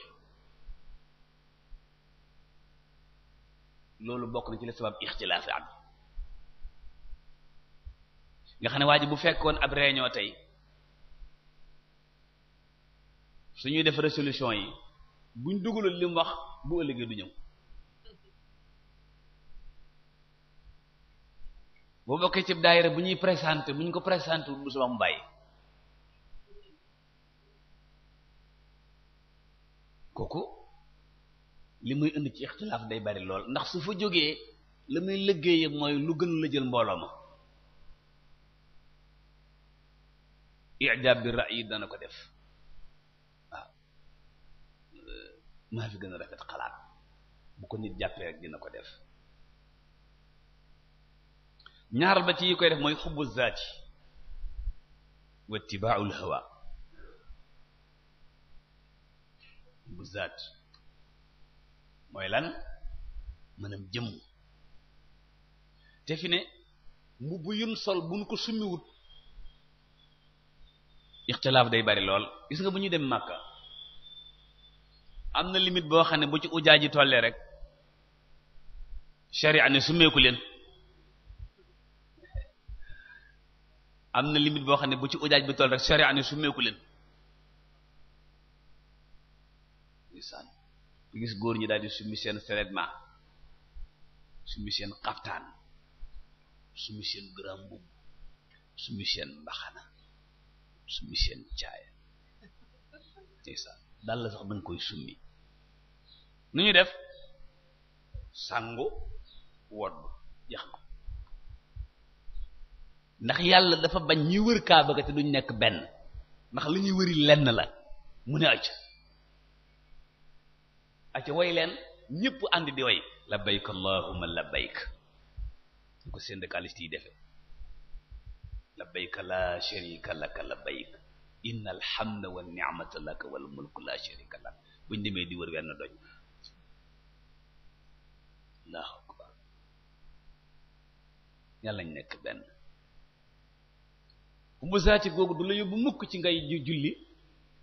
loolu bokk na ci la sabab ixtilaaf am nga xam ne waa ji bu fekkoon ab réunion tey su ñuy def résolution yi buñ dugalul li mu wax bu ëllëgee du ñëw boo bokkee ci daayira bu ñuy présenté bu ñu ko présenté bu suba mu bàyyi kooku li muy indi ci ixtilaaf day bari lool ndax su fa jógee la muy liggéey mooy lu gën la jël mbooloo ma ijaab bi ra'yi dana ko def waaw maa fi gën a rafet xalaat bu ko nit jàppee rek dina ko def ñaar ba ci yi koy def moy xubbu zati wa ittiba'ul hawa xubbu zaat mooy lan manam jëm te fi ne mbubb yun sol buñ ko wut ikhtilaf day bari lol gis nga bu ñu dem Makka amna limite bo xam bu ci ujaaji tolle rek sharia ne summeeku len am na limite boo xam ne bu ci ujaaj bi toll rek sharia ne su meeku leen isaan gis góor ñi daal di summi seen survêtement summi seen xaftaan summi seen grand mbubb summi seen mbaxana summi seen caaya isaan daal la sax danga koy summi nu ñu def sangu wodd jax ndax yàlla dafa bañ ñi wër ka bëgg te duñ nekk ben ndax li ñi wëri lenn la mu ne acca acca way len ñëpp andi di way labbayk allahumma labbayk ñu ko syndicaliste kalisti defe labbayk la sharika lak labbayk innal hamda wan ni'mata lak wal mulku la sharika lak buñ démé di wër ben doñ allahu akbar yàlla ñu nekk ben musaacir gogu du la yobbu mukk ci ngay julli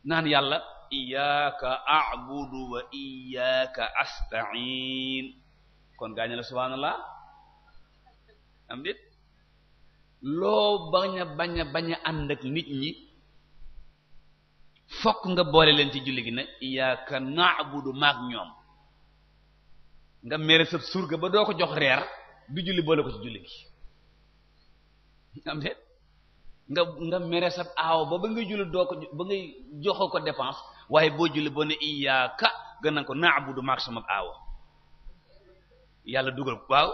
nan yalla iyyaka a'budu wa iyyaka asta'in kon gaañe la subhanallah am nit lo baña baña baña and ak nit ñi fokk nga boole len ci julli gi na iyyaka na'budu mak ñom nga mere sa surga ba doo ko jox reer du julli boole ko ci julli gi am nit nga nga mere sa aw ba ba ngay julli do ko ba nga joxo ko dépense waye bo julli boo ne iyaaka gën na ko naabudu maak sama aw yalla dugal waw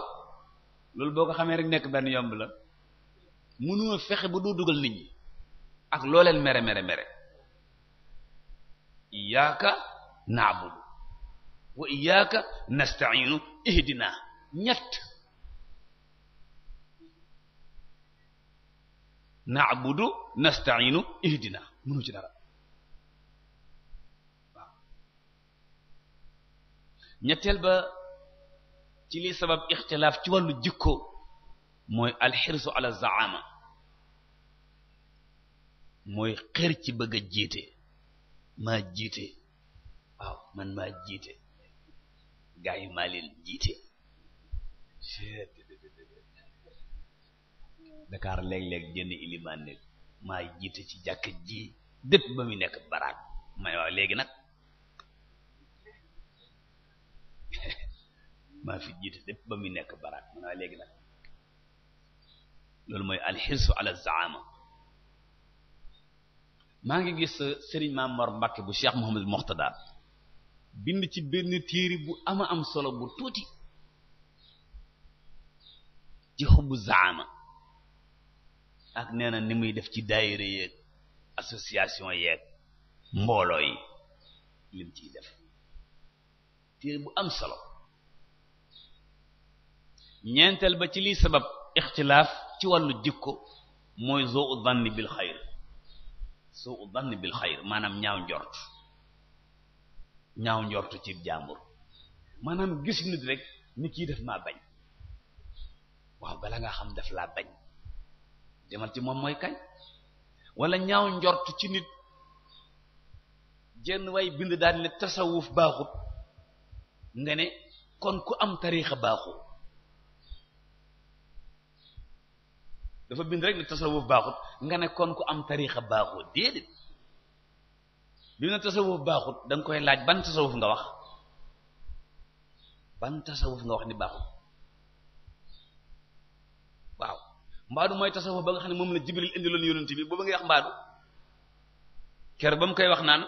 lolou boko xamé rek nek ben yomb la munu fexé bu doo duggal nit ñi ak loo mere mere mere iyyaka na'budu wa iyyaka nasta'inu ihdina ñett na nasta'inu ihdina mënu ci dara waaw ba ci li sabab ixtilaaf ci wàllu jikko mooy alxirsu ala zaama mooy xër ci bëgg a jiite ma jiite waaw man maa jiite gaa yi jiite Dakar léeg-léeg génn ilimaan ne maa jiite ci jàkk ji dëkk ba muy nekk baraat may waaw léegi nag *laughs* maa fi jiite dëkk ba muy nekk baraat may léegi nag loolu mooy alxirsu ala zaama maa ngi gis Serigne Maam Mor bu Cheikh Mouhamad Moxtada bind ci benn téere bu ama am solo bu tuuti ci xubbu zaama ak nee na ni muy def ci daayira yeeg association yeeg mbooloo yi lim ciy def téere bu am solo ñeenteel ba ci liy sabab ixtilaaf ci wallu jikko mooy zoo danni bil xayr zoo danni bil xayr maanaam ñaaw njort ñaaw njort ci jàmbur maanaam gis nit rek nit yi def maa bañ waaw bala nga xam daf laa bañ demal ci moom mooy kañ walla ñaaw njort ci nit jenn way bind daal ne tasawuf baaxut nga ne kon ku am tariixa baaxut dafa bind rek ne tasawuf baaxut nga ne kon ku am tariixa baaxut déedéet bi mu ne tasawuf baaxut da nga koy laaj ban tasawuf nga wax ban tasawuf nga wax ni baaxut mbaadu mooy tasawuf ba nga xam ne moom la jibril indiloon yonent bi booba ngay wax mbaadu ker ba mu koy wax naan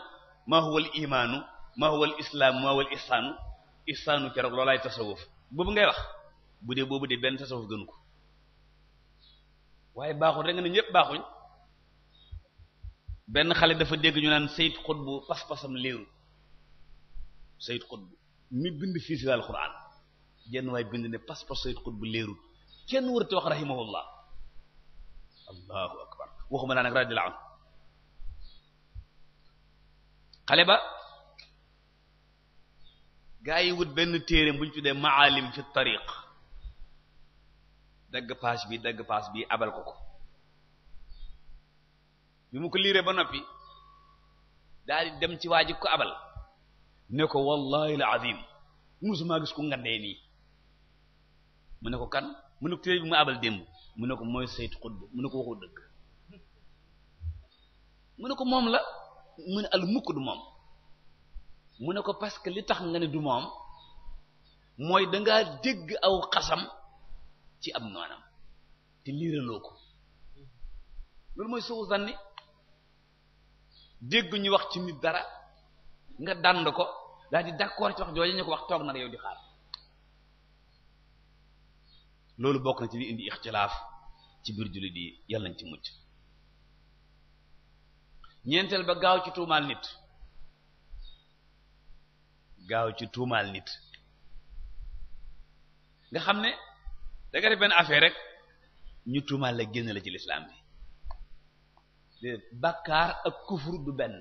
maa huwal imaanu maa huwal islaam maa huwal ihsaanu keroog loolaay tasawuf boobu ngay wax bu dee boobu de benn tasawuf gënu ko waaye baaxul rek nga ne ñëpp baaxuñ benn xale dafa dégg ñu naan sayid xutbu pas-pasam leeru sayid xutbu mi bind fii si alxuraan jenn waaye bind ne pas-pas sayid xutbu leeru kenn wërte wax rahimahullah allahu akbar waxuma laa nag radiyallahu anhu xale ba gaa yi wut benn téere buñ tuddee maalim fi tariq dagg page bi dagg page bi abal ko ko bi mu ko liiree ba noppi daal dem ci waajib ko abal ne ko wallahi la azim musuma gis ku ngandee nii mu ne ko kan mu ne ko téere bi mu abal démb mu ne ko mooy sayt xutb mu ne ko waxoo dëgg mu ne ko moom la mu ne al du moom mu ne ko parce que li tax nga ne du moom mooy dangaa dégg aw xasam ci ab noonam te liiraloo ko loolu mooy suu zanni dégg ñu wax ci nit dara nga dànd ko daal di d'accord ci wax jooju ñu ko wax toog na yow di xaar loolu bokk na ci li indi ixtilaaf ci juli julit yi yalla nañ ci mucc ñentel ba gaaw ci nit gaaw ci tuumaal nit nga xamne da nga def benn affaire rek ñu tuumaal la génn la ci l'islam bi de bakar, ak kufur du ben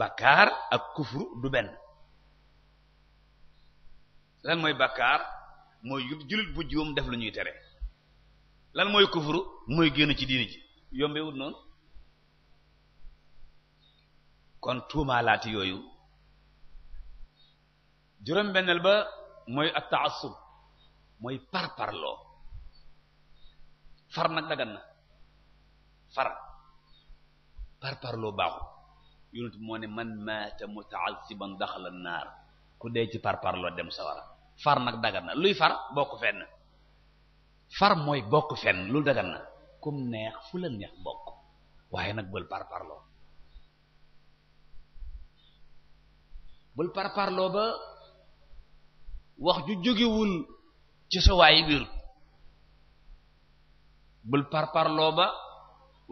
bakkaar ak kufur du ben lan moy moy julit bu joom def lu ñuy téré lan moy kufru moy genn ci diini ji yombe wut non kon tuma laati yoyu juróom bennel ba moy at ta'assub moy par parlo far nak dagan na far par parlo baxu yunus mo ne man mata muta'assiban dakhala an-nar ku de ci par parlo dem sawara far nak dagan na luy far boko fenn far moy bok fen lu dagan na kum neex fu la neex par par lo bul par bul lo ba wax ju wul ci sa waay par bul lo ba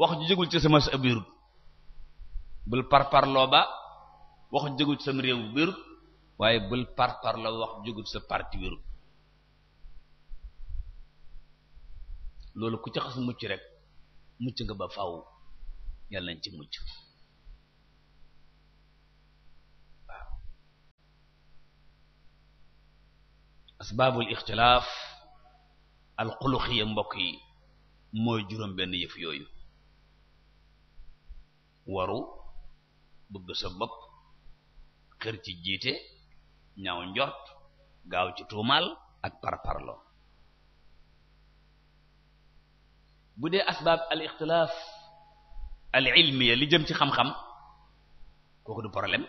wax ju jegul ci sama sa par bul lo ba wax ju jógewul ci sam réew wérut par bul parparloo wax ju sa parti loolu ku ci xas mucc rek mucc nga ba faaw yalla nañ ci mucc waaw asbaabul ixtilaaf alxuluxiya mbokk yi moy juróom ben yef yoyu waru bëgg sa bopp xër ci jité ñaaw njort gaaw ci tumal ak parparlo bu dee asbaab al ixtilaaf al ilmiya li jëm ci xam-xam kooku du problème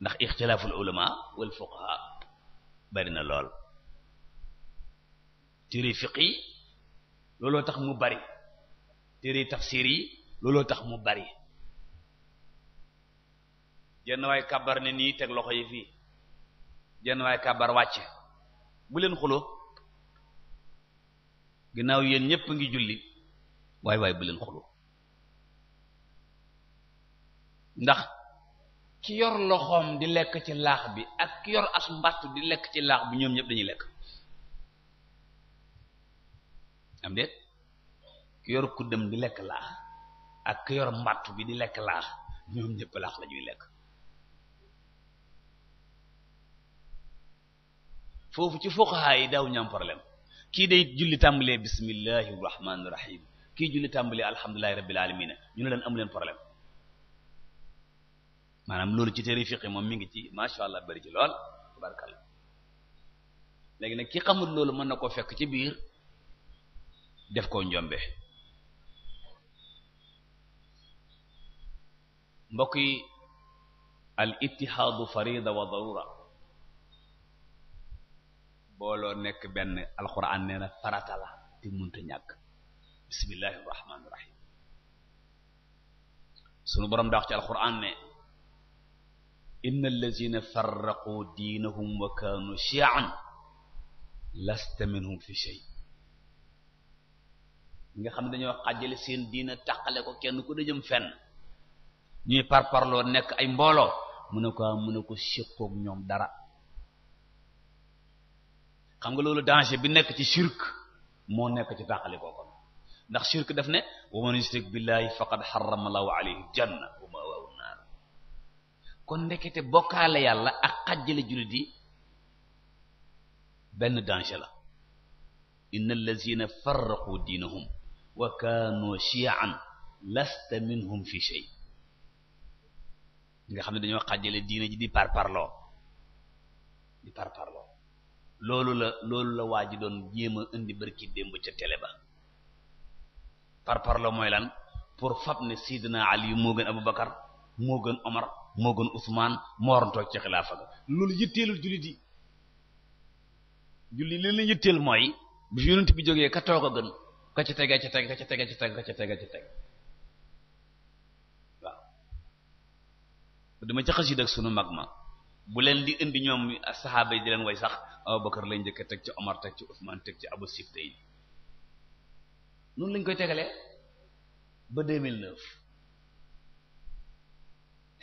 ndax ixtilaaful ulama wal fuqaha bari na lool téere fiq yi looloo tax mu bari téere tafsir yi looloo tax mu bari jenn waay kabar ne nii teg loxo yi fii jenn waay kabar wàcce bu leen xuloo ginnaaw yéen ñépp ngi julli waaye waaye bu leen xuloo ndax ki yor loxoom di lekk ci laax bi ak ki yor as mbatt di lekk ci laax bi ñoom ñépp dañuy lekk am déet ki lekk laax ak ki yor bi di lekk laax ñoom ñuy lekk foofu ci fuqaha yi daaw ñu am kii day julli tàmbalee bismillahi rahmaani rahim kii julli tàmbali alhamdulillahi rabbil alamina ñu ne leen amu leen maanaam loolu ci téere fiqi moom mi ngi ci masha Allah bari lool léegi nag ki xamul loolu mën na koo fekk ci biir def koo njombe mbokk yi al ittihaadu farida wa darura booloo nekk benn alquran nee na farata la te munta bismillahi irrahmani irahim sunu boroom daa wax ci alquran ne inna allazina farraqu diinahum wa kaanu shi'an lasta minhum fi shay nga xam ne dañoo xàjjale seen diina tàqale ko kenn ku dëjëm fenn ñuy parparloo nekk ay mbooloo mu ne ko ah, mu ne ko séqoog ñoom dara xam nga loolu danger bi nekk ci shirk moo nekk ci tàqale ko ko ndax shirku daf ne wa man yushrik billahi faqad harrama allahu alayhi janna wa ma'wahu nar kon ndekete bokale yàlla ak xajjal juludi ben danger la innal ladhina farraqu dinahum wa kanu shi'an lasta minhum fi shay nga xamne dañu xajjal diina ji di par parlo di par parlo lolou la lolou la waji don doon indi barki dembu ca télé ba par parlo mooy lan pour fab ne Sidina Ali moo gën bakar moo gën Omar moo gën Ousmane moo waroon toog ci xilaafa ga loolu yitteelul jullit yi jullit li leen yitteel mooy bu fi yonent bi jógee ka toog a gën ka ca teg ca ka ca teg ca teg ka ca teg ca teg waaw sunu mag ma bu leen di indi ñoom saxaaba yi di leen way sax Aboubacar lañ njëkk teg ci Omar teg ci Ousmane teg ci Abu noonu lañ koy tegale ba 2009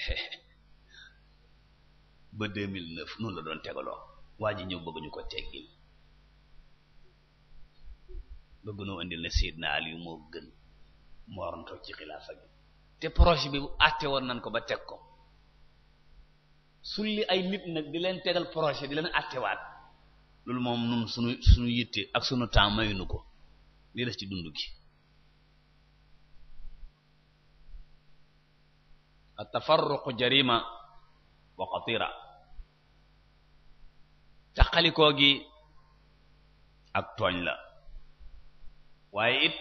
*laughs* ba 2009 la doon tegaloo waa ji ñëw bëgg ñu ko teggil bëgg noo indil ne Seydina Aliou moo gën moo waroon toog ci xilaafa gi te projet bi bu àtte woon nañ ko ba teg ko sulli ay nit nag di leen tegal projet di leen àttewaat loolu moom nun suñu suñu yitte ak sunu temps mayuñu ko li la ci dundu gi at tafarruq jarima wa qatira taqalikoo gi ak togn la waye it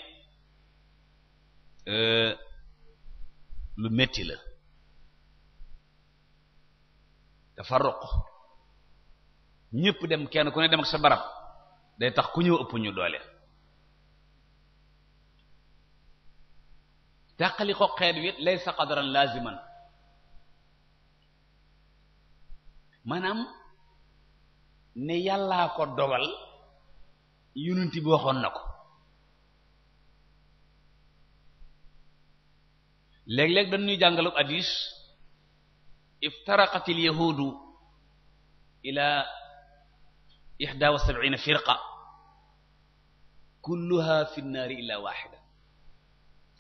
eh, lu metti la tafarruq ñepp dem kenn ku ne dem ak sa barab day tax ku ñu upp ñu doole tàqali ko xeet wi laysa qadaran laziman maanaam ne yàllaa ko dogal yonent bi waxoon na ko léeg-léeg dañuy jàngalub hadis iftaraqatil yahuudu ila ihda wa sab'ina firqa kulluha fi nnaari illa waxida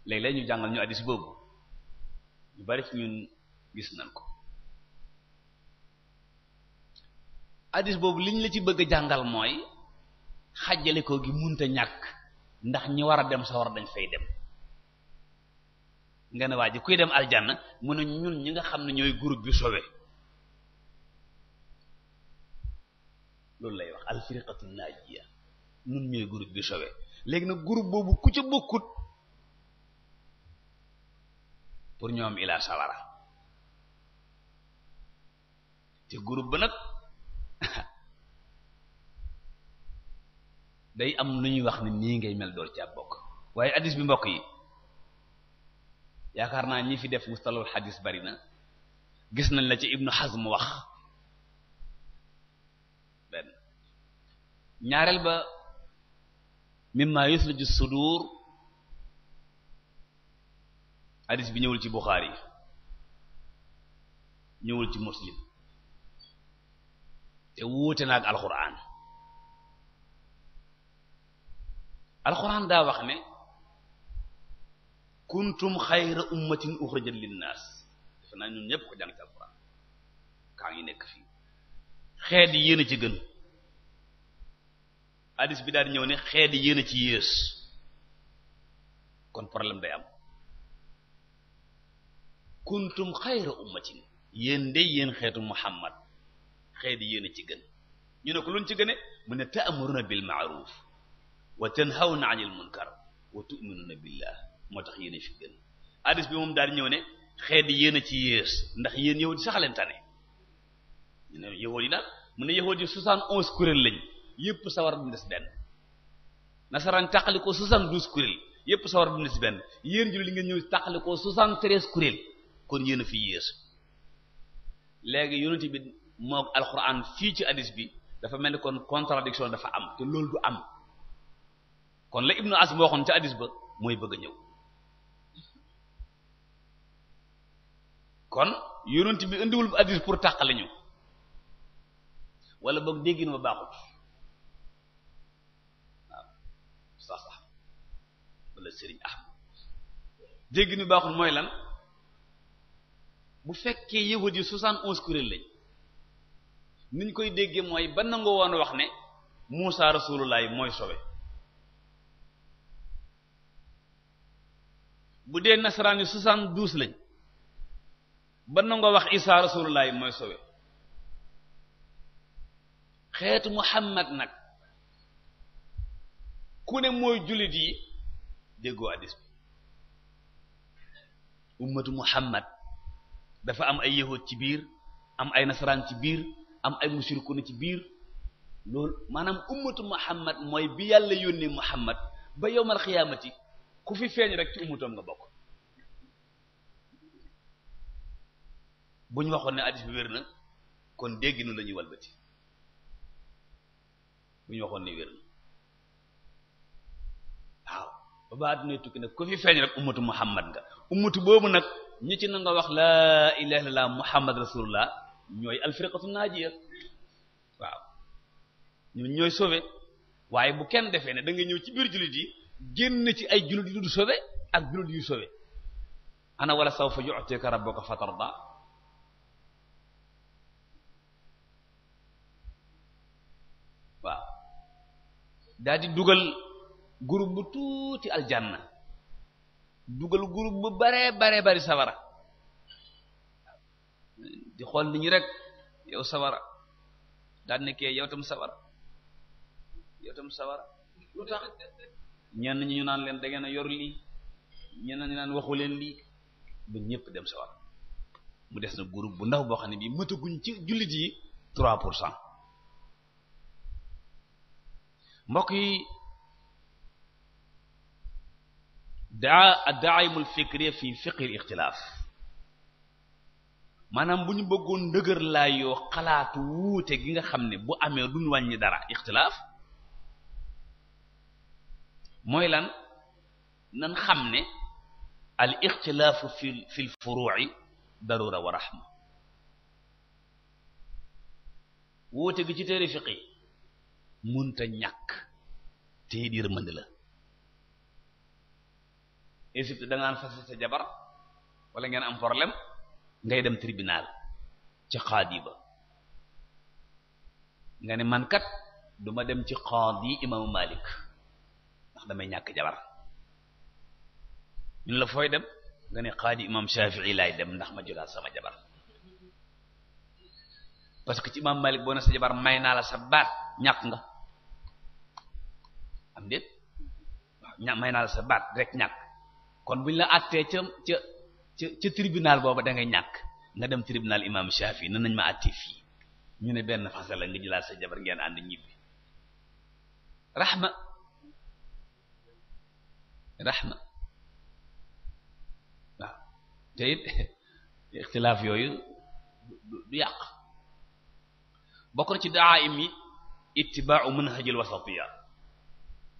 léegi léeg ñu jàngal ñu addis boobu ñu bari ci ñun gis nañ ko addis boobu liñ la ci bëgg jàngal mooy xàjjale ko gi munta ñàkk ndax ñi war a dem sa war dañ fay dem ngeen ne waa kuy dem aljanna mu ne ñun ñi nga xam ne ñooy groupe bi sowe loolu lay wax alfirqatu naajiya ñun ñooy groupe bi sowe léegi nag gurup boobu ku ca bokkut pour ñoom ila sawara te groupe ba *laughs* day am lu ñuy wax ne nii ngay mel door ca bokk waaye hadis bi mbokk yi yaakaar naa ñi fi def mustalahul hadis bari na gis nañ la ci Ibnu Hazm wax ñaareel ba mimma yusliju sudur hadis bi ñëwul ci Bukhari ñëwul ci Muslim te wuute na ak alxuraan alxuraan daa wax ne kuntum xayra ummatin uxrijat linnaas defe naa ñun ñëpp ko jàng ci alxuraan kaa ngi nekk fii xeet yi ci gën hadis bi daal di ñëw ne xeet yi yéen ci yées kon problème day am kuntum xayra ummatin yéen de yéen xeetu muhammad xeet yéen a ci gën ñu ne ko luñ ci gëne mu ne ta'muruna bil ma'ruf wa tanhawna 'anil munkar wa tu'minuna billah moo tax yéen a fi gën hadis bi moom daal ñëw ne xeet yéen a ci yées ndax yéen yow di saxaleen ñu ne yahuud yi daal mu ne yahuud yi soixante onze kuréel lañ yëpp sawar bu des benn nasaraan tàqalikoo soixante douze kuréel yëpp sawar bu si benn yéen jullit li ngeen ñëw tàqalikoo soixante treize kuréel kon yéen a fi yées léegi yonent bi moo alquran fii ci hadis bi dafa mel ni kon contradiction dafa am te loolu du am kon la ibnu as waxoon ci hadis ba mooy bëgg a ñëw kon yonent bi indiwul hadis pour tàqale ñu wala boog déggin ba baaxut sax sax wala sëriñ ah déggin ba baaxut mooy lan bu fekkee yahud yi soixante onze kuréel lañ niñ koy déggee mooy ba nangoo woon wax ne Muusa Rasulullah mooy sobe bu dee nasaraan yi soixante douze lañ ba nangoo wax Isa Rasulullah mooy sobe xeetu Muhammad nag ku ne mooy jullit yi déggoo addis bi ummatu Muhammad dafa am ay yahud ci biir am ay nasaraan ci biir am ay mushrikuna ci biir lool maanaam ummatu muhammad mooy bi yàlla yónnee muhammad ba yowmal xiyaamati ku fi feeñ rek ci ummatoom nga bokk bu waxoon ne addis bi wér na kon dégg la ñuy walbati bu ñu waxoon ne wér na waaw ba ba muhammad nga ummatu boobu nag ñi ci nanga wax laa ilaha illallah muhammad rasulullah ñooy alfirqatu naajiya waaw ñun ñooy sauvé waaye bu kenn defee ne dangay ñëw ci biir jullit yi génn ci ay jullit yu du sauvé ak jullit yu sauvé ana wala sawfa yu'tika rabbuka fatarda waaw daal di dugal groupe bu tuuti aljanna dugal groupe bu baree baree bari sawara di xool nit ñi rek yow sawara daan nekkee yow tam sawara yow tam sawara lu ñenn ñi ñu naan leen da ngeen a yor lii ñenn ñu naan waxu leen lii ba ñëpp dem sawara mu des na groupe bu ndax boo xam ne bii mëtaguñ ci jullit yi 3 pour cent mbokk daa addaaymu alfikriya fi fiqhi al ixtilaaf maanaam bu ñu bëggoon ndëgër laay yoo xalaatu wuute gi nga xam ne bu amee duñ wàññi dara ixtilaaf mooy lan nan xam ne al ixtilaafu fi fi l furuuci darura wa raxma wuute gi ci téere fiqi munta ñàkk te yërmande la Égypte da nga naan fase sa jabar wala ngeen am problème ngay dem tribunal ci qadi ba nga ne man kat duma dem ci qadi imam Malik ndax damay ñak jabar ñu la foy dem nga imam Shafi'i lay dem ndax ma jula sama jabar parce que ci imam Malik bona sejabar sa jabar may nyak la sa baat ñak nga am déet ñak may la sa baat rek ñak kon buñ la atté ci ci ci tribunal bobu da nga ñak nga dem tribunal imam Shafi nan nañ ma atté fi ñu né ben fase la nga jëlaat sa jabar ngeen and ñibbi rahma rahma wa te ikhtilaf *laughs* yoyu du yaq bokk ci daa im manhajil wasatiyya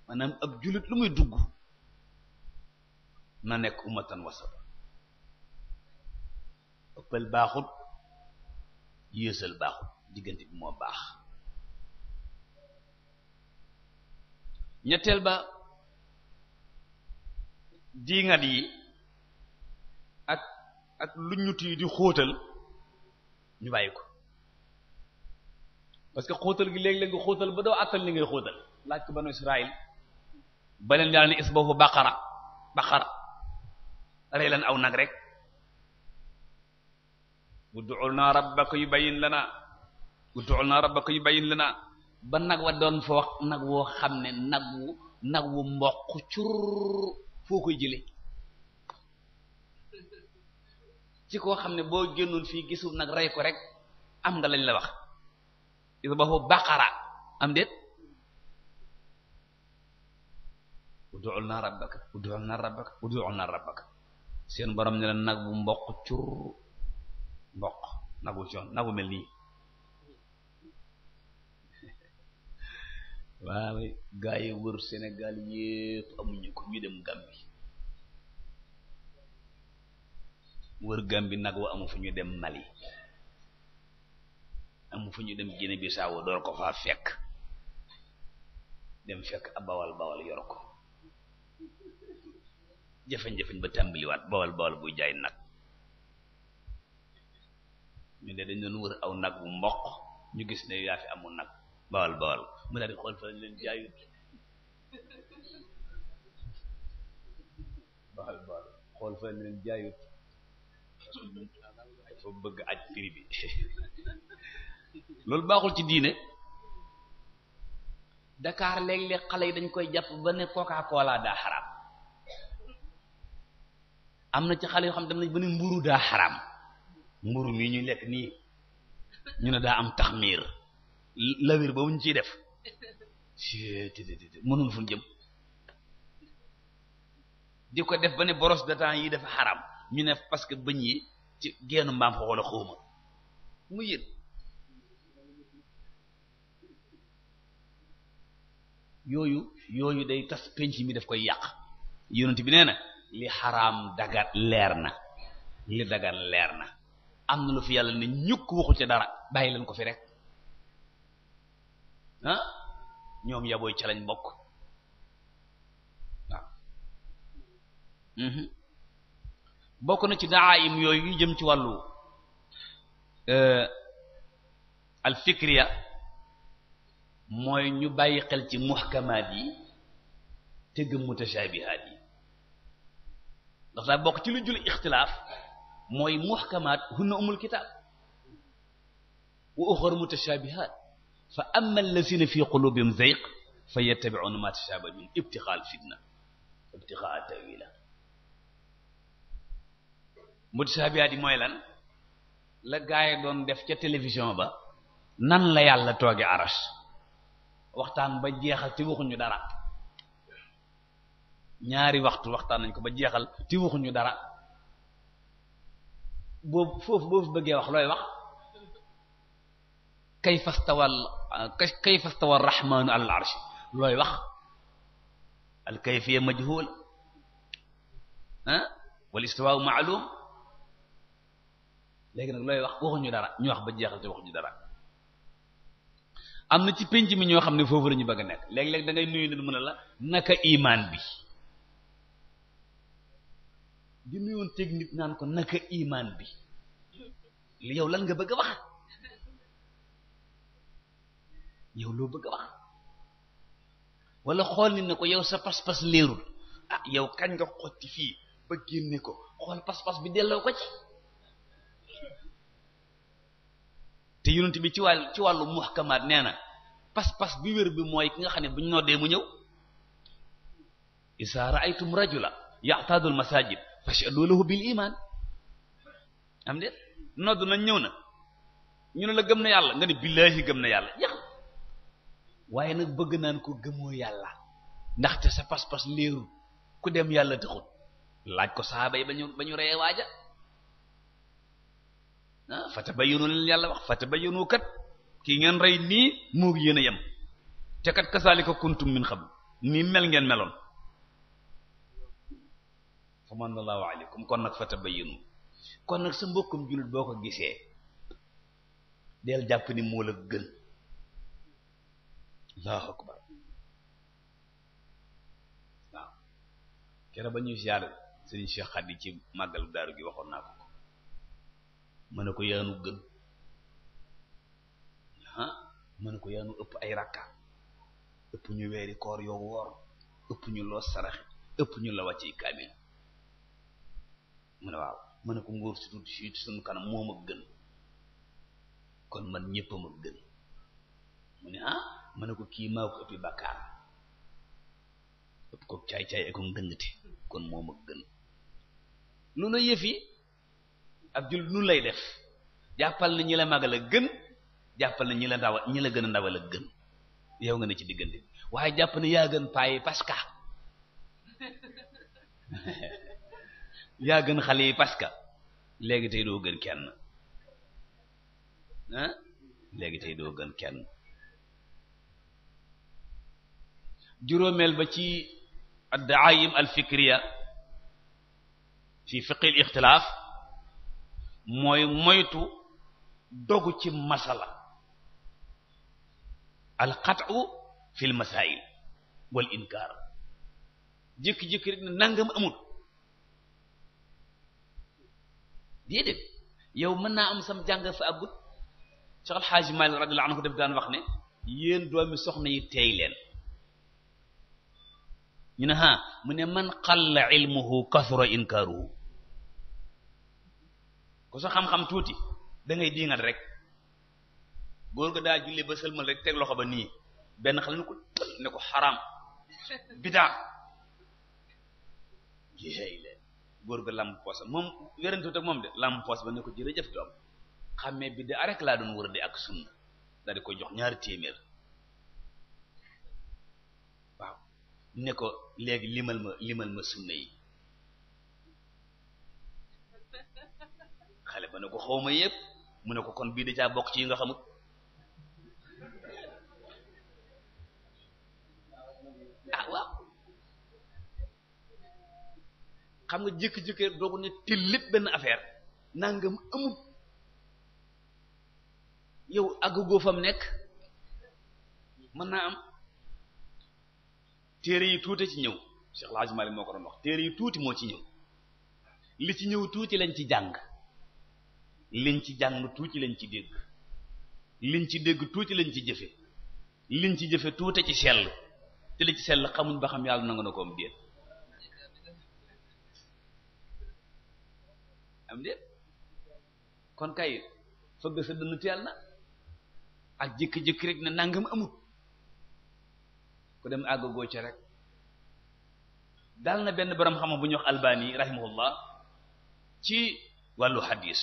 manam ab julit lu muy dugg na nekk ummatan wasata ëppal baaxut yéesal baaxut diggante bi moo baax ñetteel ba diingat yi ak ak lu ñut yi di xóotal ñu bàyyi parce que xóotal gi leg leeg xóotal ba do atal ni ngay xóotal lacc banu Israël balen yàlla ni isbahu baqara baqara rey lan aw nak rek ud'una rabbaka yubayyin lana ud'una rabbaka yubayyin lana ba nak wa don fo nag woo xam ne nag wu nak wu mbokk ciur foo koy jële ci ko xamne bo gennul fi gisul nak ray ko rek am nga lañ la wax izbahu baqara am det ud'una rabbaka ud'una rabbaka ud'una rabbaka seen borom ne la nag bu mboq cur mboq nagu coon nagu mel nii *laughs* waaw gaa wër Sénégal yépp amuñu ko ñu dem Gambi wër Gambi nag wa amul fu ñu dem Mali amu fu ñu dem Guinée Bissau door ko faa fekk dem fekk abawal bawal yor ko jafagne jafagne ba tambali wat bawal bawal bu jay nak ñu ne dañu wër aw nak bu mbokk ñu gis ne yaa fi amul nag bawal bawal mu dal di xol fa leen jaayut bawal bawal xol fa leen jaayut fa bëgg aj tri bi lool baaxul ci diine Dakar leg leg xalé dañ koy japp ba ne Coca-Cola da haram am na ci xale yoo xam ne nañ ba ne mburu daa xaraam mburu mi ñuy lekk nii ñu ne daa am taxmiir lawir ba mu ñu ciy def mënul fu jëm di ko def ba ne boros de dents yi dafa xaram ñu ne parce que bëñ yi ci geenu mbaam ko wala xawma mu yën yooyu yooyu day tas penc mi daf koy yàq yonent bi nee na li xaraam dagan leer na li dagan leer na am na lu fi yàlla ne ñukk waxu ci dara bàyyi leen ko fi rek ñoom yabooy ca bokk mhm. bokk na ci daayim yooyu yu jëm ci wàllu euh, al fikriya mooy ñu bàyyi xel ci muhkamaat yi te gëm mutashaabihaat yi ndax daa bokk ci lu jul ikhtilaf moy muhkamat hunna umul kitab wa ukhra mutashabihat fa amma allazina fi qulubihim zayq fayattabi'una ma tashabaha min ibtigaa fitna ibtigaa tawila mutashabihat moy lan la gaay doon def ci télévision ba nan la yàlla toge arash waxtan ba jeexal ci waxu ñu dara ñaari waxtu waxtaan nañ ko ba jeexal te waxuñu dara bo fofu bo beugé wax loy wax kayfa stawal kayfa stawa arrahmanu ala al arsh looy wax al kayfiyya majhul ha wal istiwaa ma'lum léegi nak loy wax waxuñu dara ñu wax ba jeexal te waxuñu dara amna ci penj mi ñoo xamne fofu lañu bëgg nek nekk lég da ngay nuyu nit mëna la naka iman bi di nuyon tek nit nan ko naka iman bi li yow lan nga bëgg wax yow lo bëgg wax wala xol ni nako yow sa pas-pas leerul ah yow kañ nga xoti fi ba genné ko xol pas-pas bi delloo ko ci te yoonte bi ci wal ci walu muhkamat neena pas-pas bi wër bi moy ki nga xam ne buñ noddee mu ñew isa ra'aytum rajula ya'tadul masajid fashhadu lahu bil iman am déet nodd nañ ñëw na ñu ne la gëm na yàlla nga ne billaahi gëm na yàlla jax waaye nag bëgg naan ko gëmoo yàlla ndaxte sa pas-pas léeru ku dem yàlla taxul laaj ko saaba yi ba ñu ba ñu reyee waaja ah fatabayyanu leen yàlla wax fatabayyanu kat kii ngeen rey nii moo yéen a yem te kat ko kuntum min xam nii mel ngeen meloon fa manallahu alaykum kon nak fa tabayyinu kon nak sa mbokum julit boko ko del japp ni mo la gën allah akbar waaw kera bañu ziar serigne Cheikh Khadi ci magal daru gi waxon nako manako ko mën na ko yaanu gën ah mën yaanu ay rakka upp ñu wéri koor yo wor upp ñu lo sarax upp ñu la kamil mu waaw mën a ko ngóor si tuuti si suñ kanam moom ak gën kon man ñëpp a ma gën mu ne ah mën a ko kii maa ko ëppi bàkkaar ëpp ko caay-caay ak ngëngate kon moom ak gën noonu yëf yi ab jul nu lay def jàppal na ñi la magal a gën jàppal na ñi la ndaw ñi la gën a ndawal a gën yow nga ne ci diggante bi waaye jàpp ne yaa gën payi parce que *laughs* ya gën xale parce que légui tay do gën kenn hein légui tay do gën kenn juromel ba ci ad-da'im al-fikriya fi fiqh al-ikhtilaf moy moytu dogu ci masala al-qat'u fi al-masail wal inkar jik jik nangam amul déedéet yow mën naa am sam jàng fa àggut Cheikh Al Hadj Malick radiyallahu anhu daf daan wax ne yéen doomi soxna yi teey leen ñu ne ah mu ne man qalla ilmuhu kathura inkaaruhu ku sa xam-xam tuuti da ngay diingat rek góor ga daa julli ba sëlmal rek teg loxo ba nii benn xale ne ko ne ko xaraam bidaa góor ga làmb poosam moom wérantu tak moom de làmb poos ba ne ko jërëjëf doom xammee bi de arek laa doon wër de ak sunna daal koy jox ñaari téeméer waaw ne ko léegi limal ma limal ma sunna yi xale ba ne ko xawma yépp mu ne ko kon bii da caa bokk ci yi nga xamut xam nga jékki-jékki doogu ne till lépp benn affaire nangam amut yow àggugoo fam nekk mën naa am téere yi tuuti ci ñëw Cheikh El moo ko doon téere yi tuuti moo ci ñëw li ci ñëw tuuti lañ ci jàng liñ ci jàng tuuti lañ ci dégg liñ ci dégg tuuti lañ ci jëfe liñ ci jëfe tuuti ci sell te li ci sell xamuñ ba xam yàlla nangu na koom déet am déet kon kay fëgg sa dënn teel na ak jékki-jékki rek ne nangam amut ku dem àggagoo ca rek daal na benn borom xam bu ñuy wax albani rahimahullah ci wàllu hadis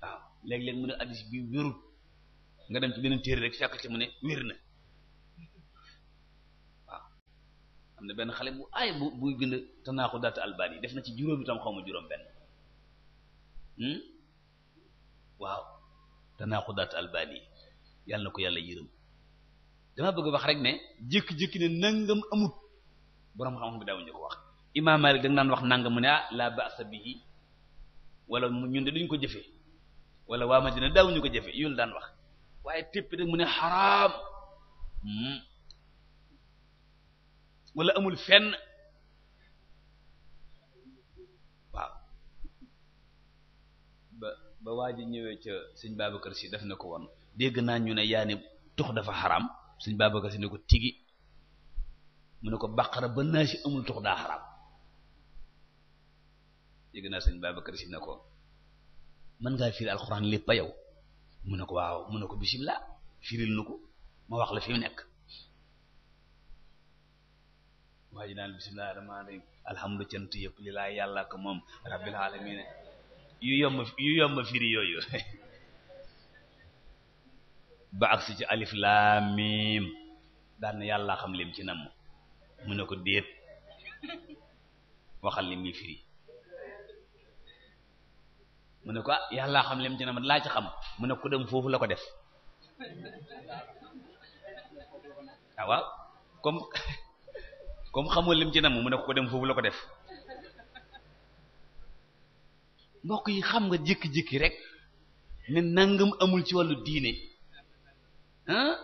waaw léeg-léeg mu ne hadis bi wérut nga dem ci beneen téere rek fekk ci mu ne wér na am na benn xale mu ay bu buy bind tanaaqudaat albani def na ci juróomi tam xaw ma juróom benn hmm? waaw tanaaqudaat albani yàlla ko yàlla yërëm dama bëgg wax rek ne jékki-jékki ne nangam amut boroom xam-xam bi daawuñu ko wax imaam Maalik da nga naan wax nangam mu ne ah la ba'sa bihi wala ñun de duñ ko jëfee wala waa Madina daawuñu ko jëfee yul daan wax waaye tépp rek mu ne xaraam hmm? wala amul fenn waaw ba ba waa ji ñëwee ca sëñ Babacar si def na ko woon dégg naa ñu ne yaa ne tux dafa xaraam suñ Babacar si ne ko tigi mu ne ko baqara ba naa amul tux daa xaraam dégg naa sëñ Babacar si ne ko mën ngaa firi alxuraan lépp a yow mu ne ko waaw mu ne ko bismillah firil nu ko ma wax la fi nekk waa ji yëpp li laa yàlla ko moom rabbil alamin yu yomb yu yomb firi *laughs* xam lim ci namm mu ne ko déet waxal li muy firi mu ne ko ah yàlla xam lim ci namm laa ci xam mu ne ko dem foofu la ko def *laughs* ah, waaw comme *laughs* comme xamul lim ci nam mu ne ko dem foofu la ko def mbokk yi xam nga jékki-jékki rek ne nangam amul ci wàllu diine ah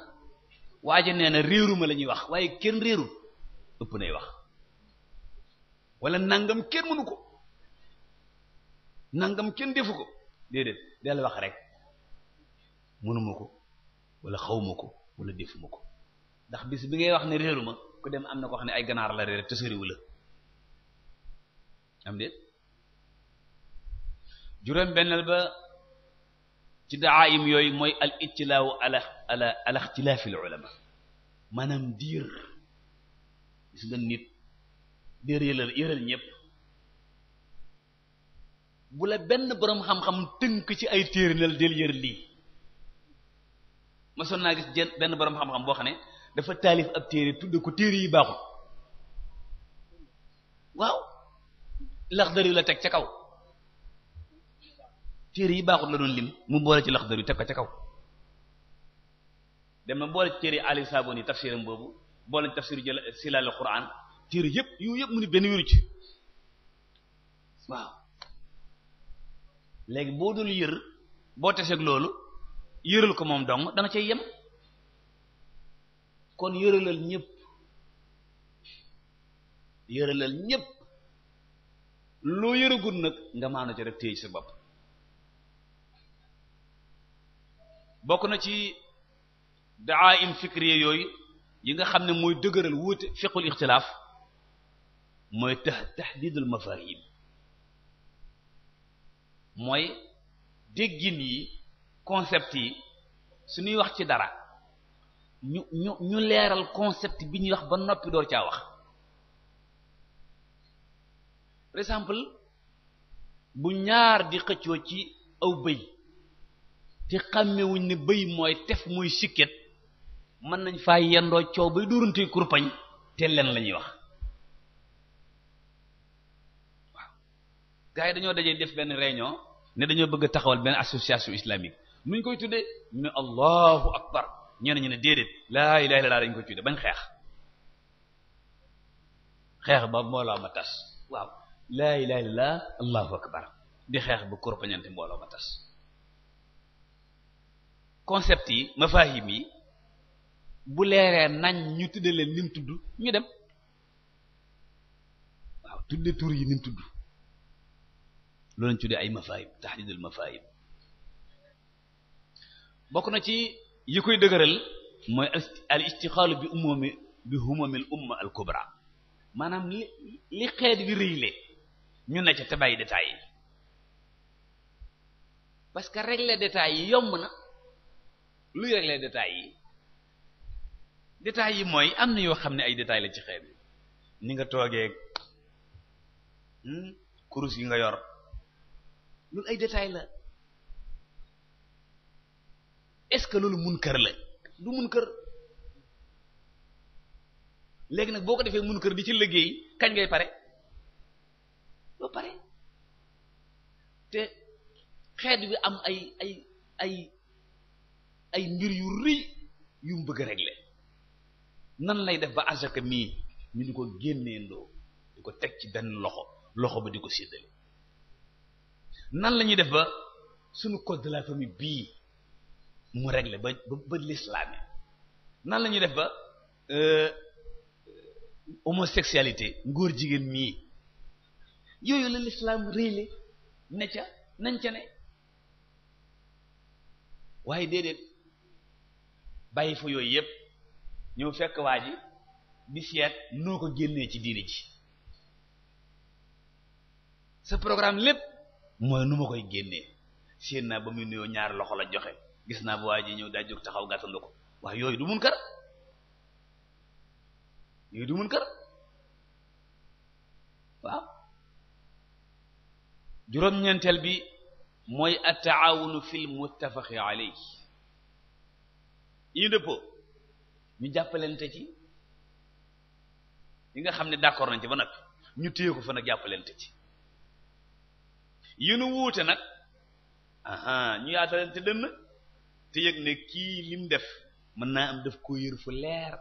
waaja nee na réeruma la ñuy wax waaye kenn réerul ëpp nay wax walla nangam kenn mënu ko nangam kenn defu ko déedéet del wax rek mënuma ko wala xawuma ko wala defuma ko ndax bis bi ngay wax ne réeruma ku dem am na ko xam ne ay ganaar la reer te am déet juróom benneel ba ci daayim yooyu mooy al ittilaawu ala ala ala ixtilaafil ulama maanaam diir gis nga nit diir yëlal yëral bu la benn boroom xam-xam tënk ci ay téerinal del yër lii ma son naa gis benn boroom xam-xam boo xam ne dafa taalif ak téere tudd ko téere yi baaxul waaw laxdari la teg ca kaw téere yi baaxul la doon lim mu boole ci laxdari teg ko ca kaw dem na boole ci yi Ali Sabuni tafsiram boobu boole ci tafsir jël silal Qur'an téere yëpp yu yëpp mu ni benn wéru ci waaw léegi boo dul yër boo teseeg loolu yëral ko moom dong danga cay yem kon yeureulal ñëpp yeureulal ñëpp lo yeureugul nak nga maana ci rek téye sa bop bokku na ci da'aim fikriye yoy yi nga xamne moy degeural wute wuute fiqul ixtilaaf mooy tax mafahim moy déggin yi concept yi suñuy wax ci dara ñu ñu ñu leeral concept bi ñuy wax ba noppi door caa wax par exemple bu ñaar di xëccoo ci aw bëy te xàmmewuñ ne bëy mooy tef mooy sikket mën nañ faa yendoo coow bay dóorante kurpañ te leen la ñuy wax waaw gars yi dañoo dajee def benn réunion ne dañoo bëgg taxawal benn association islamique nuñ koy tuddee ne allahu akbar ñenn ñi ne déedéet laa ilaha illallah dañ ko de bañ xeex xeex ba mbooloo ma tas waaw laa ilaha illallah allahu akbar di xeex ba kurpañante mbooloo ma tas concept yi mafahim yi bu leeree nañ ñu tudde leen ni mu tudd ñu dem waaw tudde tur yi ni tudd loolu ñu tudde ay mafahim tahdidul mafahim bokk na ci yi koy dëgëral mooy al istixaalu bi umumi bi humamil umma al kubra maanaam li xeet di rëyle ñu ne ca te bàyyi détails yi parce que régler détails yi yomb na luy régler détails yi détails yi mooy am na yoo xam ne ay détails la ci xeet bi ni nga toogee hmm, kurus yi nga yor loolu ay détails la est-ce que loolu mun kër la du mun kër léegi nag boo ko defee mun kër di ci liggéey kañ ngay pare doo pare te xeet bi am ay ay ay ay mbir yu rëy yu mu bëgg a régler nan lay def ba asaka mii ñu di ko génneendoo di ko teg ci benn loxo loxo ba di ko séddale nan la ñuy def ba sunu code de la famille bii mu réglé ba ba l'islam yi nan la def ba euh, homosexualité ngóor jigéen mii yooyu la l'islam réglé ne ca nañ ca ne waaye déedéet bàyyi fa yooyu yépp ñëw fekk waa ji di seet noo ko génnee ci diini ji sa programme lépp mooy nu ma koy génnee seen naa ba muy nuyoo ñaar loxo la joxe gis naa bu waa ji ñëw daa jóg taxaw gàttandu ko waaye yooyu du mun kar yooyu du mun kar waaw juróom-ñeenteel bi mooy at-taawunu fil muttafaqi alayhi yi ñu ñu jàppalente ci yi nga xam ne d'accord nañ ci ba nag ñu téye ko fa nag jàppalente ci yi nu wuute nag aha ñu yaatalente dënn te yek ne ki lim def man na am def ko yeur fu leer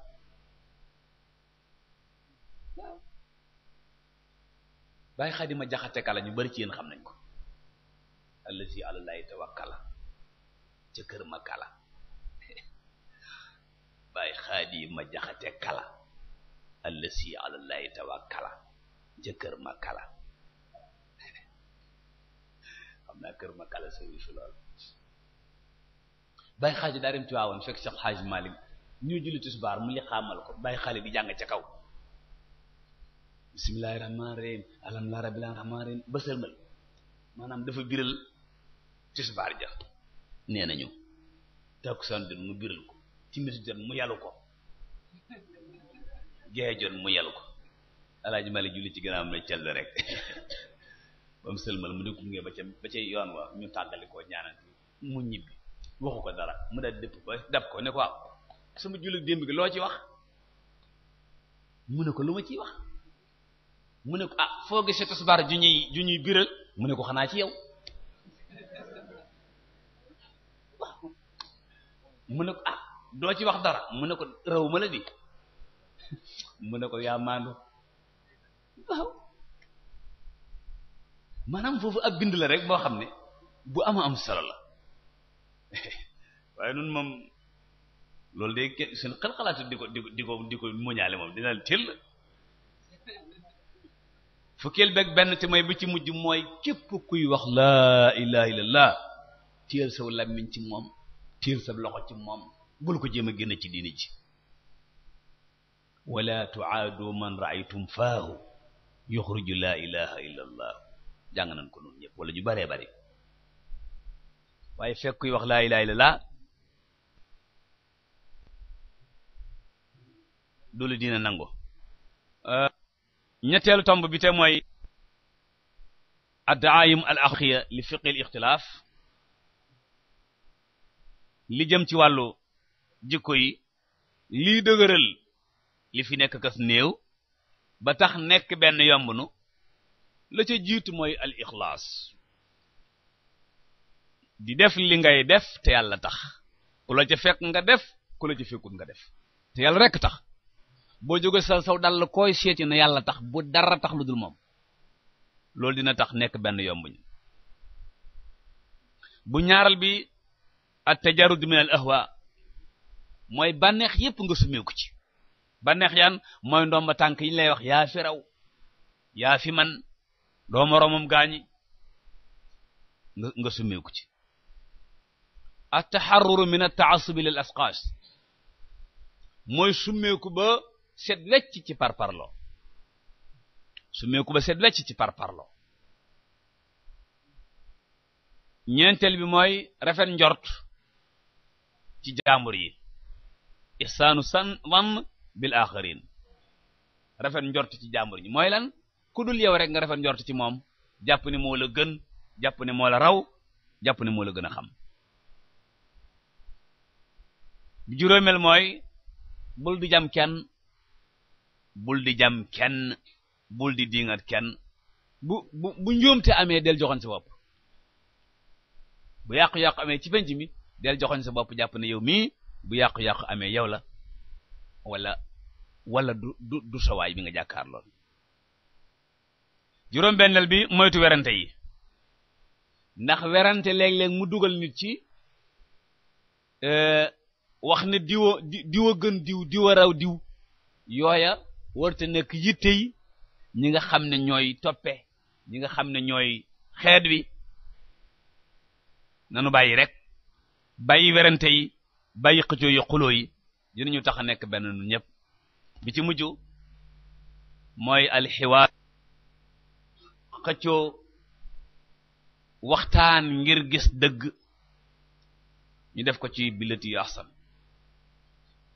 bay khadima jaxate kala ñu bari ci yeen xam nañ ko allati ala llahi tawakkala ci keur ma kala *laughs* bay khadima jaxate kala allati ala llahi tawakkala ci keur ma kala *laughs* xam na ma kala sey fi bàyyi xaaja daa dem Tiwaawan fekk Cheikh Xaaj Malik ñu julli tisbaar mu li xaamal ko bàyyi xale bi jàng ca kaw bismillahir rahmanir rahim alhamdulillahi rabbil alamin ba sëlmal maanaam dafa biral tisbaar ja nee nañu takkusaan jot mu biral ko timis jot mu yalu ko gee jot mu yalu ko alaaji Malik julli ci gannaaw mu ne cell rek *laughs* ba mu sëlmal mu di gunge ba ba ca yoon wa ñu tàggali koo ñaanal mu ñibbi waxu ko dara mu da depp ba dab ko ne ko sama jullit démb gi lo ci wax mu ne ko luma ci wax mu ne ko ah fo gisee tasbaar ju ñuy ju ñuy biral mu ne ko xana ci yow mu ne ko ah do ci wax dara mu ne ko raw ma la di mu ne ko ya mandu waaw maanaam foofu ab la rek bo xam bu ama am solo la *laughs* waaye nun moom loolu day kenn seen xel xalaatu di ko di ko di ko di ko muñaale moom dina tëll *laughs* fukkeel beeg benn te may bi ci mujj mooy képp kuy wax laa ilaha illallah téel saw làmmiñ ci moom téel sa loxo ci moom bul ko jéem a génn ci diini ji wala tuaadu man raaytum faahu yuxruju laa ilaha illallah jàng nañ ko noonu ñëpp wala ñu baree bare waaye fekk kuy wax laa ilaha illallah du lu diina nangu euh, ñetteelu tomb bi te mooy addaayim al li fiqi al li jëm ci wàllu jikko yi lii dëgëral li fi nekk kas néew ba tax nekk benn yomb nu la ca jiitu mooy al di def li ngay def te yàlla tax ku la ca fekk nga def ku la ca nga def te yàlla rek tax boo jóge sa saw dal koy seeti na yàlla tax bu dara tax lu dul moom loolu dina tax nekk benn yombuñ bu ñaaral bi at tajarud min al ahwa mooy bànneex yépp nga sumeeku ci bànneex yaan mooy ndomba tànk yi lay wax yaa fi raw fi man doo moroomam gaañi nga nga sumeeku ci at-taharrur min at-ta'assub lil asqaas mooy summeeku ba set wecc ci parparloo summeeku ba set wecc ci parparloo ñeenteel bi mooy rafet njort ci jaambur yi ihsaanu san wan bil aaxarin rafet njort ci jaambur yi mooy lan ku dul rek nga rafet njort ci moom jàpp ne moo la gën jàpp ne moo raw jàpp ne moo la gën a xam bi juróomeel mooy bul di jam kenn bul di jam kenn bul di diingat kenn bu bu bu njuumte amee del joxoñ sa bopp bu yàqu-yàqu amee ci penc mi del joxoon sa bopp jàpp ne yow mii bu yàqu-yàqu amee yow la wala wala du du du sawaay bi nga jàkkaar lool juróom-benneel bi moytu werante yi ndax werante léeg-léeg mu dugal nit ci euh, wax ne diwa diwa gën diw diwa raw diw yooya warte nekk yitte yi ñi nga xam ne ñooy toppe ñi nga xam ne ñooy xeet wi nanu bàyyi rek bàyyi werante yi bàyyi xëccoo yi xuloo yi ñu tax a nekk benn nu ñëpp bi ci mujj mooy alxiwaar xëccoo waxtaan ngir gis dëgg ñu def ko ci billati ahsan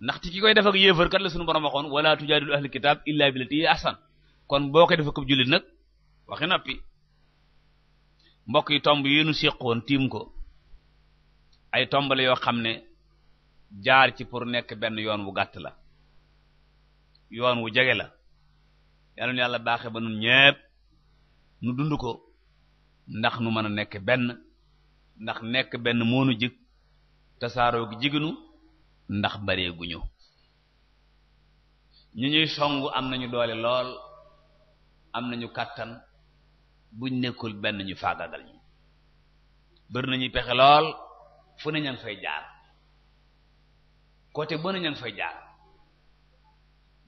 ndaxte ki koy def ak yéefar kat la suñu borom waxoon wala tujaadilu ahlul kitaab illaa billatii ahsan kon boo koy def ak jullit nag waxi noppi mbokk yi tomb yi nu woon tiim ko ay tomb la yoo xam ne jaar ci pour nekk benn yoon wu gàtt la yoon wu jege la yal na yàlla baaxe ba nun ñépp nu dund ko ndax nu mën a nekk benn ndax nekk benn moonu jig tasaaroo jiginu ndax bareeguñu ñu ñuy song am nañu doole lool am nañu kàttan buñ nekkul benn ñu faagagal ñu bër nañuy pexe lool fu ne ñan fay jaar côté bu ne ñan fay jaar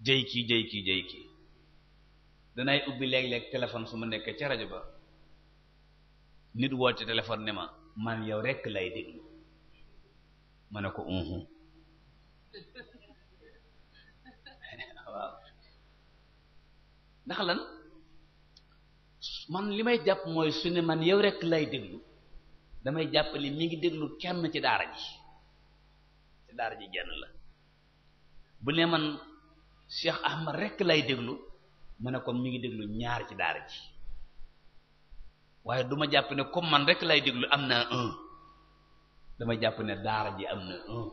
jëy kii jëy kii jëy kii danay ubbi léeg-léeg téléphone su ma nekkee ca rajo ba nit woote téléphone ne ma man yow rekk lay déglu ma ne ko unhu *laughs* waaw ndax lan man li may jàpp mooy su ne man yow rek lay déglu damay jàpp ni mu ngi déglu kenn ci daara ji ci daara ji genn la bu ne man Cheikh Ahmad rek lay déglu ma ne kon mi ngi déglu ñaar ci daara ji waaye duma jàpp ne comme man rekk lay déglu am na un dama jàpp ne daara ji am na un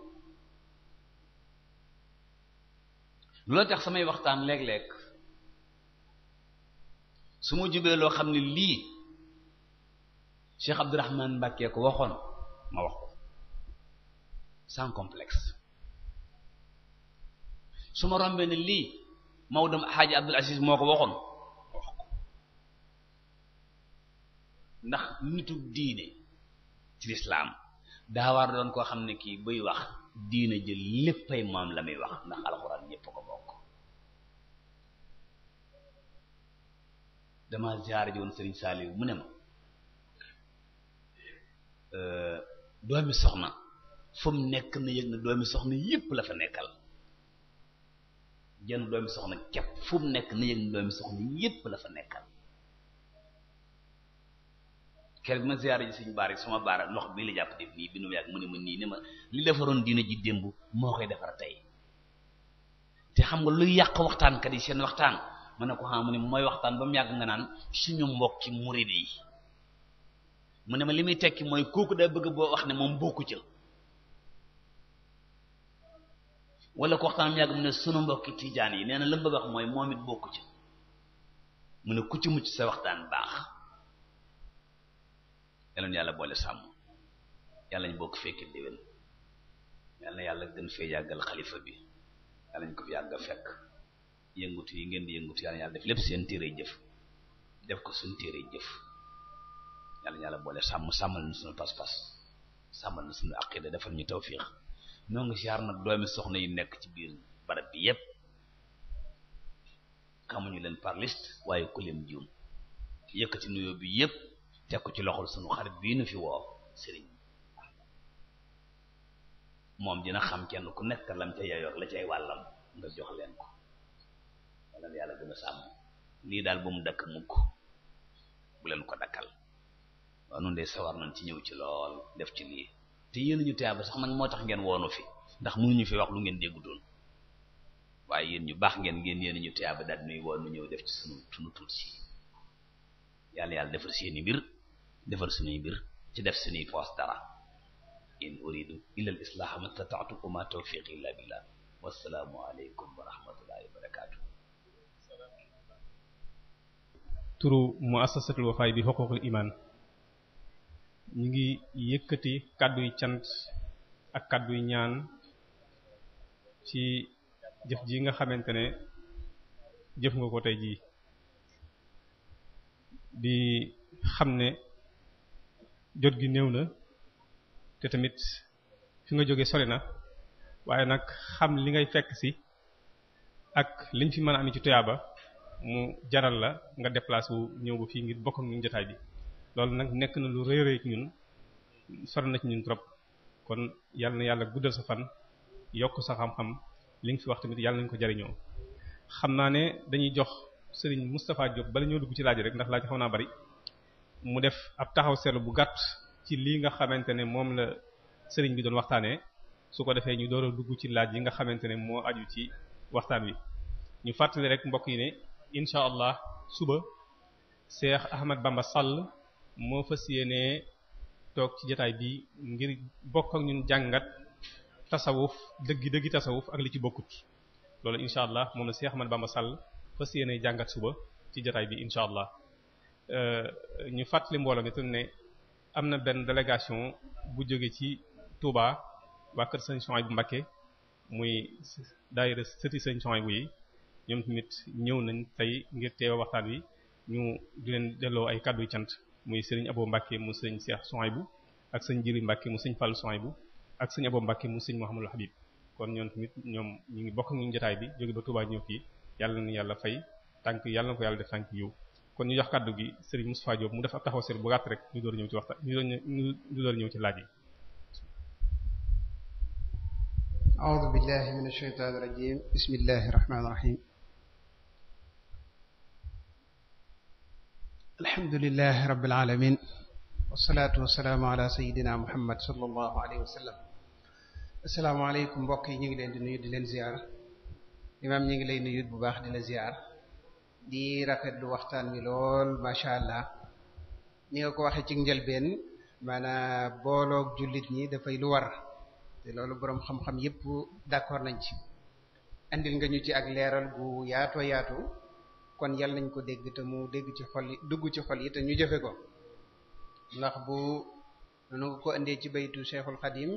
loola tax samay waxtaan léeg-léeg su ma jubee loo xam ne lii Cheikh Abdourahmane Mbacké ko waxoon ma wax ko sans complexe su ma rombee ne lii Maodo Hadj Abdoul Aziz moo ko waxoon ma wax ko ndax nitu diine ci lislaam daawaar doon koo xam ne kii buy wax diina jël léppay maam la muy wax ndax alxuraan ñépp ko bokk dama ziyaar ji woon sëriñ Saaliw mu ne ma euh, doomi soxna fu nekk na yëg na doomi soxna yépp la fa nekkal jenn doomi soxna kepp fu nekk na yëg na doomi soxna yépp la fa nekkal keroog ma ziyaare ji suñu baar yi sama baara lox bii la jàpp def nii bi nu yàgg mu ne ma nii ne ma li defaroon diina ji démb moo koy defar tey te xam nga lu yàq waxtaankat yi seen waxtaan ma ne ko xam ah mu ne mooy waxtaan ba mu naan suñu mbokki murid yi mu ne ma li muy tekki mooy kooku daa bëgg boo wax ne moom bokku ko waxtaan mu yàgg mu ne sunu mbokki tijaan yi nee na la mu bëgg wax mooy moom it bokku ca mu ne ku ci mucc sa waxtaan baax yàlla na yàlla boole sàmm yàlla ñu bokk fekki déwén yàlla na yàlla gën fee yàggal xalifa bi yàlla ñu ko fi yàgg fekk yëngutu yi ngeen di yëngutu yàlla yàlla def lépp seen téere jëf def ko suñu téere jëf yàlla na yàlla boole sàmm sàmmal na suñu pas-pas sàmmal na suñu aqida defal ñu tawfiq ñoo ngi siyaar nag doomi soxna yi nekk ci biir barab bi yépp xamuñu leen par liste waaye ku leen yëkkati nuyoo bi yépp tekku ko ci loxol sunu xarit bii nu fi woo sëriñ moom dina xam kenn ku nekk lam ca yeyoog la cay wàllam nga jox leen ko yàlla gën sàmm lii daal ba mu dakk mukk bu leen ko dakkal waaw nun de sawar na ci ñëw ci lool def ci lii te yéen ñu tiyaaba sax man moo tax ngeen woonu fi ndax mënuñu fi wax lu ngeen déggutoon waaye yéen ñu baax ngeen ngeen yéen ñu tiyaaba daal muy woon nu ñëw def ci sunu sunu tuut si yàlla yàlla defar seeni mbir defal suñuy bir ci def suñuy dara in uridu illa al islah ma tata'tu wa tawfiq illa billah wassalamu alaykum wa rahmatullahi wa barakatuh turu muassasatul wafa'i bi huququl iman ñi ngi yëkëti kaddu yi cant ak kaddu yi ñaan ci jëf ji nga xamantene jëf nga ko tay ji di xamne jot gi néew na te tamit fi nga jógee sori na waaye nag xam li ngay fekk si ak li liñ fi mën a am ci tuyaaba mu jaral la nga déplacé wu ñëw ba fii ngir bokk ak ñun jotaay bi loolu nag nekk na lu rëy rëy ci ñun sori na ci ñun trop kon yal na yàlla guddal sa fan yokk sa xam-xam li nga fi wax tamit yàlla nañu ko jariñoo xam naa ne dañuy jox Serigne Moustapha Diop bala ñoo dugg ci laaj rek ndax laaj xaw naa bari mu def ab taxaw seetlu bu gàtt ci lii nga xamante ne moom la sëriñ bi doon waxtaanee su ko defee ñu door dugg ci laaj yi nga xamante ne moo aju ci waxtaan wi. ñu fàttali rek mbokk yi ne incha allah suba Cheikh Ahmad Bamba Sall moo fas yéenee toog ci jataay bi ngir bokk ak ñun jàngat tasawuf dëggi dëggi tasawuf ak li ci bokkut loolu incha allah moom la Cheikh Ahmad Bamba Sall fas yéenee jàngat suba ci jotaay bi incha allah. Euh, ñu fàttali mbooloo mi tam ne am na benn délégation bu jóge ci Touba waa kër Sëriñ bu Mbacké muy daayira sëti Sëriñ Souhaïbou yi ñoom tamit ñëw nañ tey ngir teewe waxtaan wi ñu di leen delloo ay kàddu cant muy Sëriñ Abo Mbacké mu Sëriñ Cheikh Souhaïbou ak sañ Jiri Mbacké mu sëñ Sëriñ Fallou Souhaïbou ak Sëriñ Abo Mbacké mu sëñ Mouhamadou Habib kon ñoom tamit ñoom ñu ngi bokk ñu jotaay bi jóge ba Touba ñëw fii yàlla na yàlla fay tànk yàlla na ko yàlla def tànk yiw kon ñu jox kaddu gi Serigne Moustapha Diop mu def ab taxaw seetlu bu gàtt rek ñu door ñëw ci waxta ñu door ñëw ci laaji a'udhu billahi minash shaitanir rajeem bismillahir rahmanir rahim alhamdulillahi rabbil alamin wassalatu wassalamu ala sayidina muhammad sallallahu alayhi wa sallam assalaamu alaykum mbokk yi ñi ngi leen di nuyu di leen ziar imam ñi ngi lay nuyu bu baax di la ziar di rafetlu waxtaan wi lool macha allah ni nga ko waxee ci njëlbeen maanaam boolook jullit ñi dafay lu war te loolu boroom xam-xam yépp d'accord nañ ci andil nga ñu ci ak leeral gu yaato yaatu kon yal nañ ko dégg te mu dégg ci xol yi dugg ci xol yi te ñu jëfe ko ndax bu nu nga ko indee ci baytu Cheikhul Xadim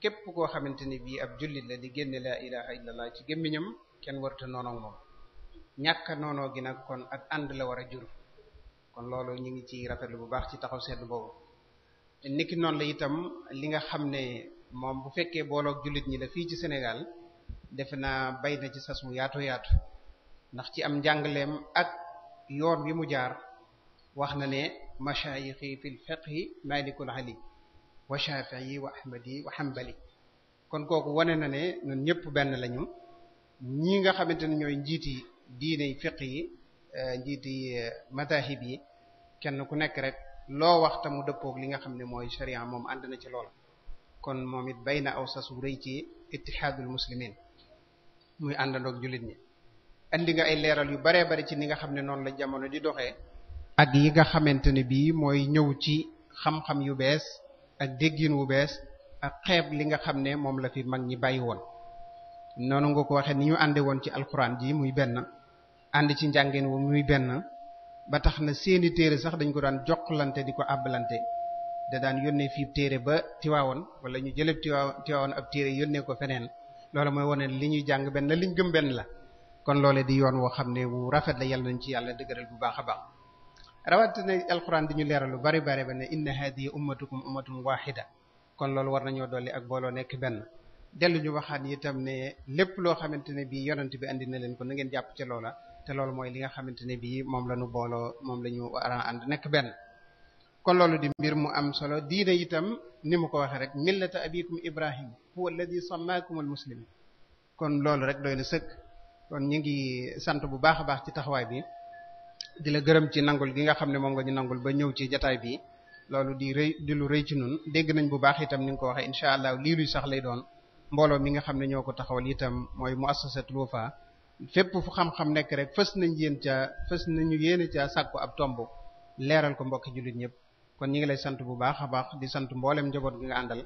képp koo xamante ni bii ab jullit la di génne laa ilaha illallah ci gémmiñam kenn warute noonu moom ñàkk noonoo gi nag kon ak ànd la war a jur kon loolu ñu ngi ci rafetlu bu baax ci taxaw seetlu boobu niki noonu la itam li nga xam ne moom bu fekkee booloog jullit ñi la fii ci senegal defe naa bay na ci sas mu yaatu yaatu ndax ci am njàngaleem ak yoon wi mu jaar wax na ne mashayixi fil fiqhi malikul ali wa shafii wa ahmadi wa hanbali kon kooku wane na ne ñun ñëpp benn lañu ñi nga xamante ne ñooy njiit yi diiney fiq yi eh, njiiti eh, madahib yi kenn ku nekk rek loo wax te mu dëppoog li nga xam ne mooy sharia moom ànd na ci lool kon moom it bay na aw sasu rëy ci ittihaadul muslimin muy àndandoog jullit ñi indi nga ay leeral yu baree bari ci ni nga xam ne noonu la jamono di doxee ak yi nga xamante ne bii mooy ñëw ci xam-xam yu bees ak déggin wu bees ak xeeb li nga xam ne moom la fi mag ñi bàyyi woon noonu nga ko waxee ni ñu ànde woon ci alquran ji muy benn ànd ci njàngeen wu muy benn ba tax na seeni téere sax dañ ko daan jokkalante di ko àbbalante da daan yónnee fii téere ba tiwaawoon wala ñu jëleb tiwaawoon ab téere yónnee ko feneen loolu mooy wane li ñuy jàng benn liñ gëm benn la kon loolee di yoon woo xam ne wu rafet la nañ ci yàlla dëgëral bu baax a baax rawatina alxuraan di ñu leeral lu bari bari ba ne inna hadihi ummatukum ummatun wahida kon loolu war nañoo dolli ak booloo nekk benn dellu ñu waxaat itam ne lépp loo xamante ne bii yonent bi andi na leen ko na ngeen jàpp ca loola te loolu mooy li nga xamante ne bii moom la ñu booloo moom la ñu war ànd nekk benn kon loolu di mbir mu am solo diine itam ni mu ko waxee rek millata abikum ibrahim huwa alladi sammakumul muslim kon loolu rek doy na sëkk kon ñu ngi sant bu baax a baax ci taxawaay bi di la gërëm ci nangul gi nga xam ne moom nga ñu nangul ba ñëw ci jataay bi loolu di rëy di lu rëy ci nun dégg nañ bu baax itam ni nga ko waxee incha allah lii luy sax lay doon mbooloo mi nga xam ne ñoo ko taxawal itam mooy muassasatul Wafa fépp fu xam-xam nekk rek fës nañ yéen caa fës nañu yéen caa sàkku ab tomb leeral ko mbokki jullit ñëpp kon ñu ngi lay sant bu baax a baax di sant mbooleem njaboot gi nga àndal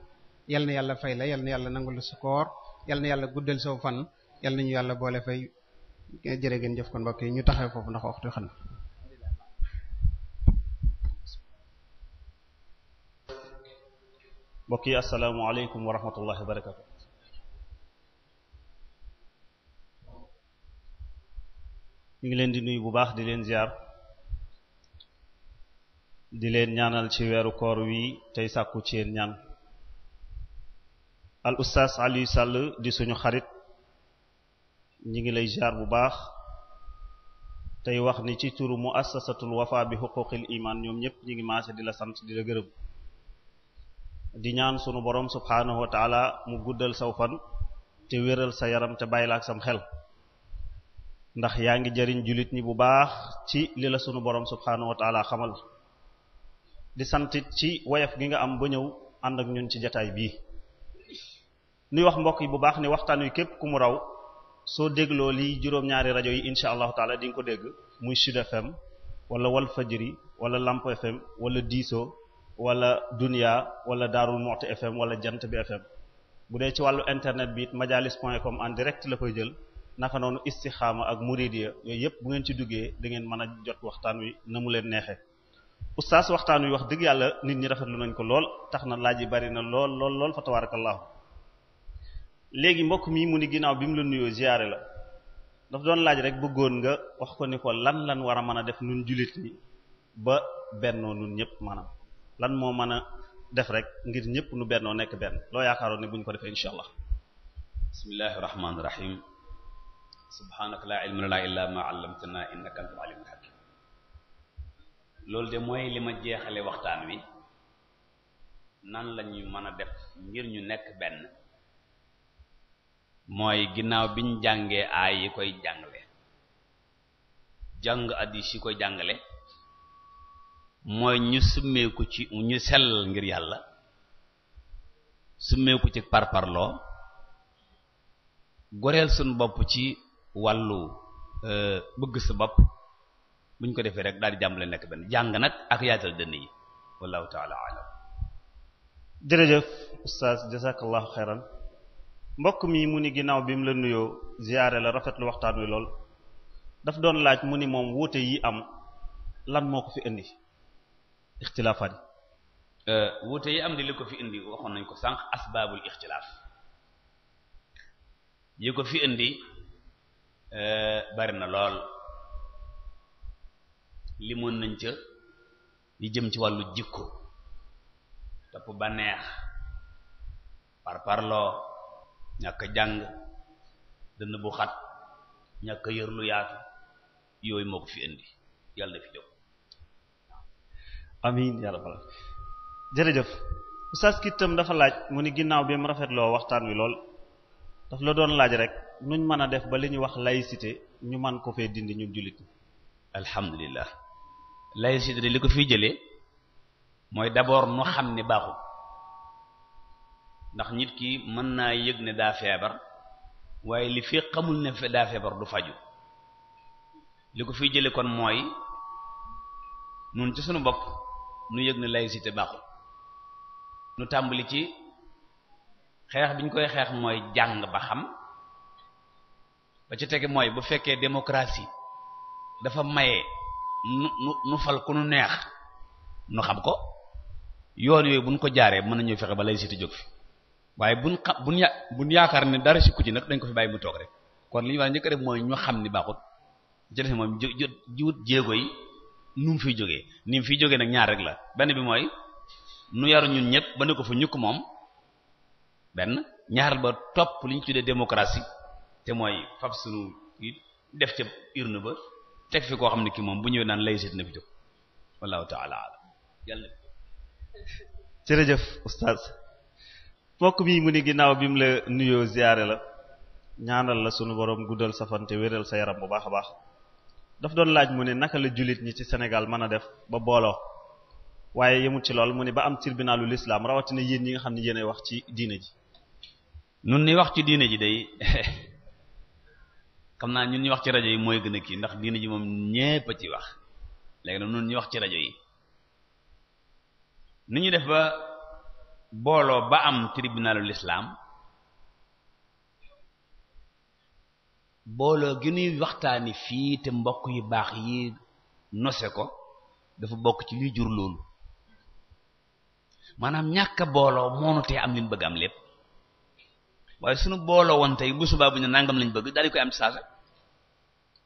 yal na yàlla fay la yal na yàlla nangul sa koor yal na yàlla guddal saw fan yal nañu yàlla boole fay jërë ngeen jëf ko mbokk yi ñu taxaw foofu ndax waxtu xam na mbokk yi asalaamaaleykum wa rahmatullahi wa ñu ngi leen di nuyu bu baax di leen ziar di leen ñaanal ci weeru koor wi tey sàkku ci ñaan al ussas Aliou Sall di suñu xarit ñi ngi lay ziar bu baax tey wax ni ci turu muassasatul wafa bi huquqil iman ñoom ñëpp ñi ngi maase di la sant di la gërëm di ñaan sunu borom subhanahu wa ta'ala mu guddal saw fan te wéral sa yaram te sam xel ndax yaa ngi jariñ jullit ñi bu baax ci li la sunu borom subhaanahu wa taala xamal di santit ci woyof gi nga am ba ñëw ànd ak ñun ci jataay bii nuy wax mbokk yi bu baax ni waxtaan wi képp ku mu raw soo dégloo lii juróom-ñaari rajo yi insha allahu taala di nga ko dégg muy Sud FM wala Walf Fadjri wala Lamp FM wala Diso wala Dunia wala Darou Moukhty FM wala Jant bi FM bu dee ci wàllu internet bi it majalis point com en direct la koy jël naka noonu istixaama ak muridiya yooyu yëpp bu ngeen ci duggee da ngeen mën a jot waxtaan wi na mu leen neexee oustaz waxtaan wi wax dëgg yàlla nit ñi rafetlu nañ ko lool tax na laaj yi bari na lool lool lool fa tabarakallahu léegi mbokk mii mu ni ginnaaw bi mu la nuyoo ziyaare la dafa doon laaj rek bëggoon nga wax ko ni ko lan lan war a mën a def nun jullit ñi ba bennoo nun ñëpp maanaam lan moo mën a def rek ngir ñëpp nu bennoo nekk benn loo yaakaaroon ne bu ko defee incha allah bismillahi rahmaani subhaanaka laa ilma lanaa ma maa allamtanaa innaka antal aliimul hakiim loolu de mooy li ma jeexale waxtaan wi nan la ñuy mën a def ngir ñu nekk benn mooy ginnaaw biñ jàngee aay yi koy jàngale jàng hadiis yi koy jàngale mooy ñu summeeku ci ñu sell ngir yàlla summeeku ci parparloo goreel suñu bopp ci wàllu bëgg sa bop buñ ko défé rek daal di jàmbale nek ben jàng nak ak yaatal dënn yi wallahu taala alam jërëjëf oustaz jazakallahu khairan mbokk mi mu ni ginnaaw bi mu la nuyo ziaré la rafet lu waxtaan wi lol daf doon laaj mu ni moom wuute yi am lan moko fi indi ikhtilafat euh wote yi am di liko fi indi waxon nañ ko sank asbabul ikhtilaf yi fi indi Eh, bari na lool limoon nañ ca li jëm ci wàllu jikko topp bànneex parparloo ñàkk jàng dënn bu xat ñàkk yër lu yaatu yooyu moo ko fi indi yàlla fi jóg amin yàlla bala jërëjëf oustaz ki dafa laaj mu ni ginnaaw bi mu rafetloo waxtaan wi lool daf la doon laaj rek nuñ mën a def ba li ñu wax laïcité ñu man ko fee dindi ñun jullit ñi alhamdulilah laïcité de li ko fi jëlee mooy d'abord nu xam ne baaxul ndax nit ki mën naa yëg ne daa feebar waaye li fi xamul ne daa feebar du faju li ko fi jëlee kon mooy nun ci sunu bopp nu yëg ne laïcité baaxul nu tàmbali ci xeex bi ñu koy xeex mooy jàng ba xam ba ci tege mooy bu fekkee démocratie dafa maye nu nu nu fal ku nu neex nu xam ko yoon yooyu buñ ko jaaree mën nañu fexe ba laïcité jóg fi waaye buñ xam bu ya buñ yaakaar ne dara si ku ci nag dañ ko fi bàyyi mu toog rek kon li ñu war a njëkk a mooy ñu xam ni baaxut ci def moom jë jiwut jéego yi nu mu fiy jógee ni mu fiy nag ñaar rek la benn bi mooy nu yaru ñun ñëpp ba ne ko fa ñukk moom. ben ñaar ba top liñ ñu tuddee démocratie te moy fab sunu def ci urne ba tek fi ko xam ki mom bu ñëw naan laïcité na fi jox wallahu taala alam yàlla rejeuf oustaz fokk bi mu ni ginaaw bi mu la nuyo ziaré la ñaanal la sunu borom guddal safante wéral sa yaram bu baax baax daf doon laaj mu ni naka la julit ñi ci Sénégal mëna def ba bolo waye yemut ci lool mu ne ba am tribunalul islam rawati na yéen yi nga xam yéenay wax ci diina ji nun ni wax ci diine ji day *laughs* xam naa ñun ñu wax ci rajo yi mooy gën a kii ndax diine ji moom ñépp a ci wax léegi nag nun ñu wax ci rajo yi ni ñu def ba booloo ba am tribunalul lislaam booloo gi ñuy waxtaani fii te mbokk yu baax yi nose ko dafa bokk ci liy jur loolu maanaam ñàkk a booloo moonu tee am liñ bëgg am lépp waaye suñu booloo woon tey bu subaa bu ñu nangam lañ bëgg daal di koy am ci saasa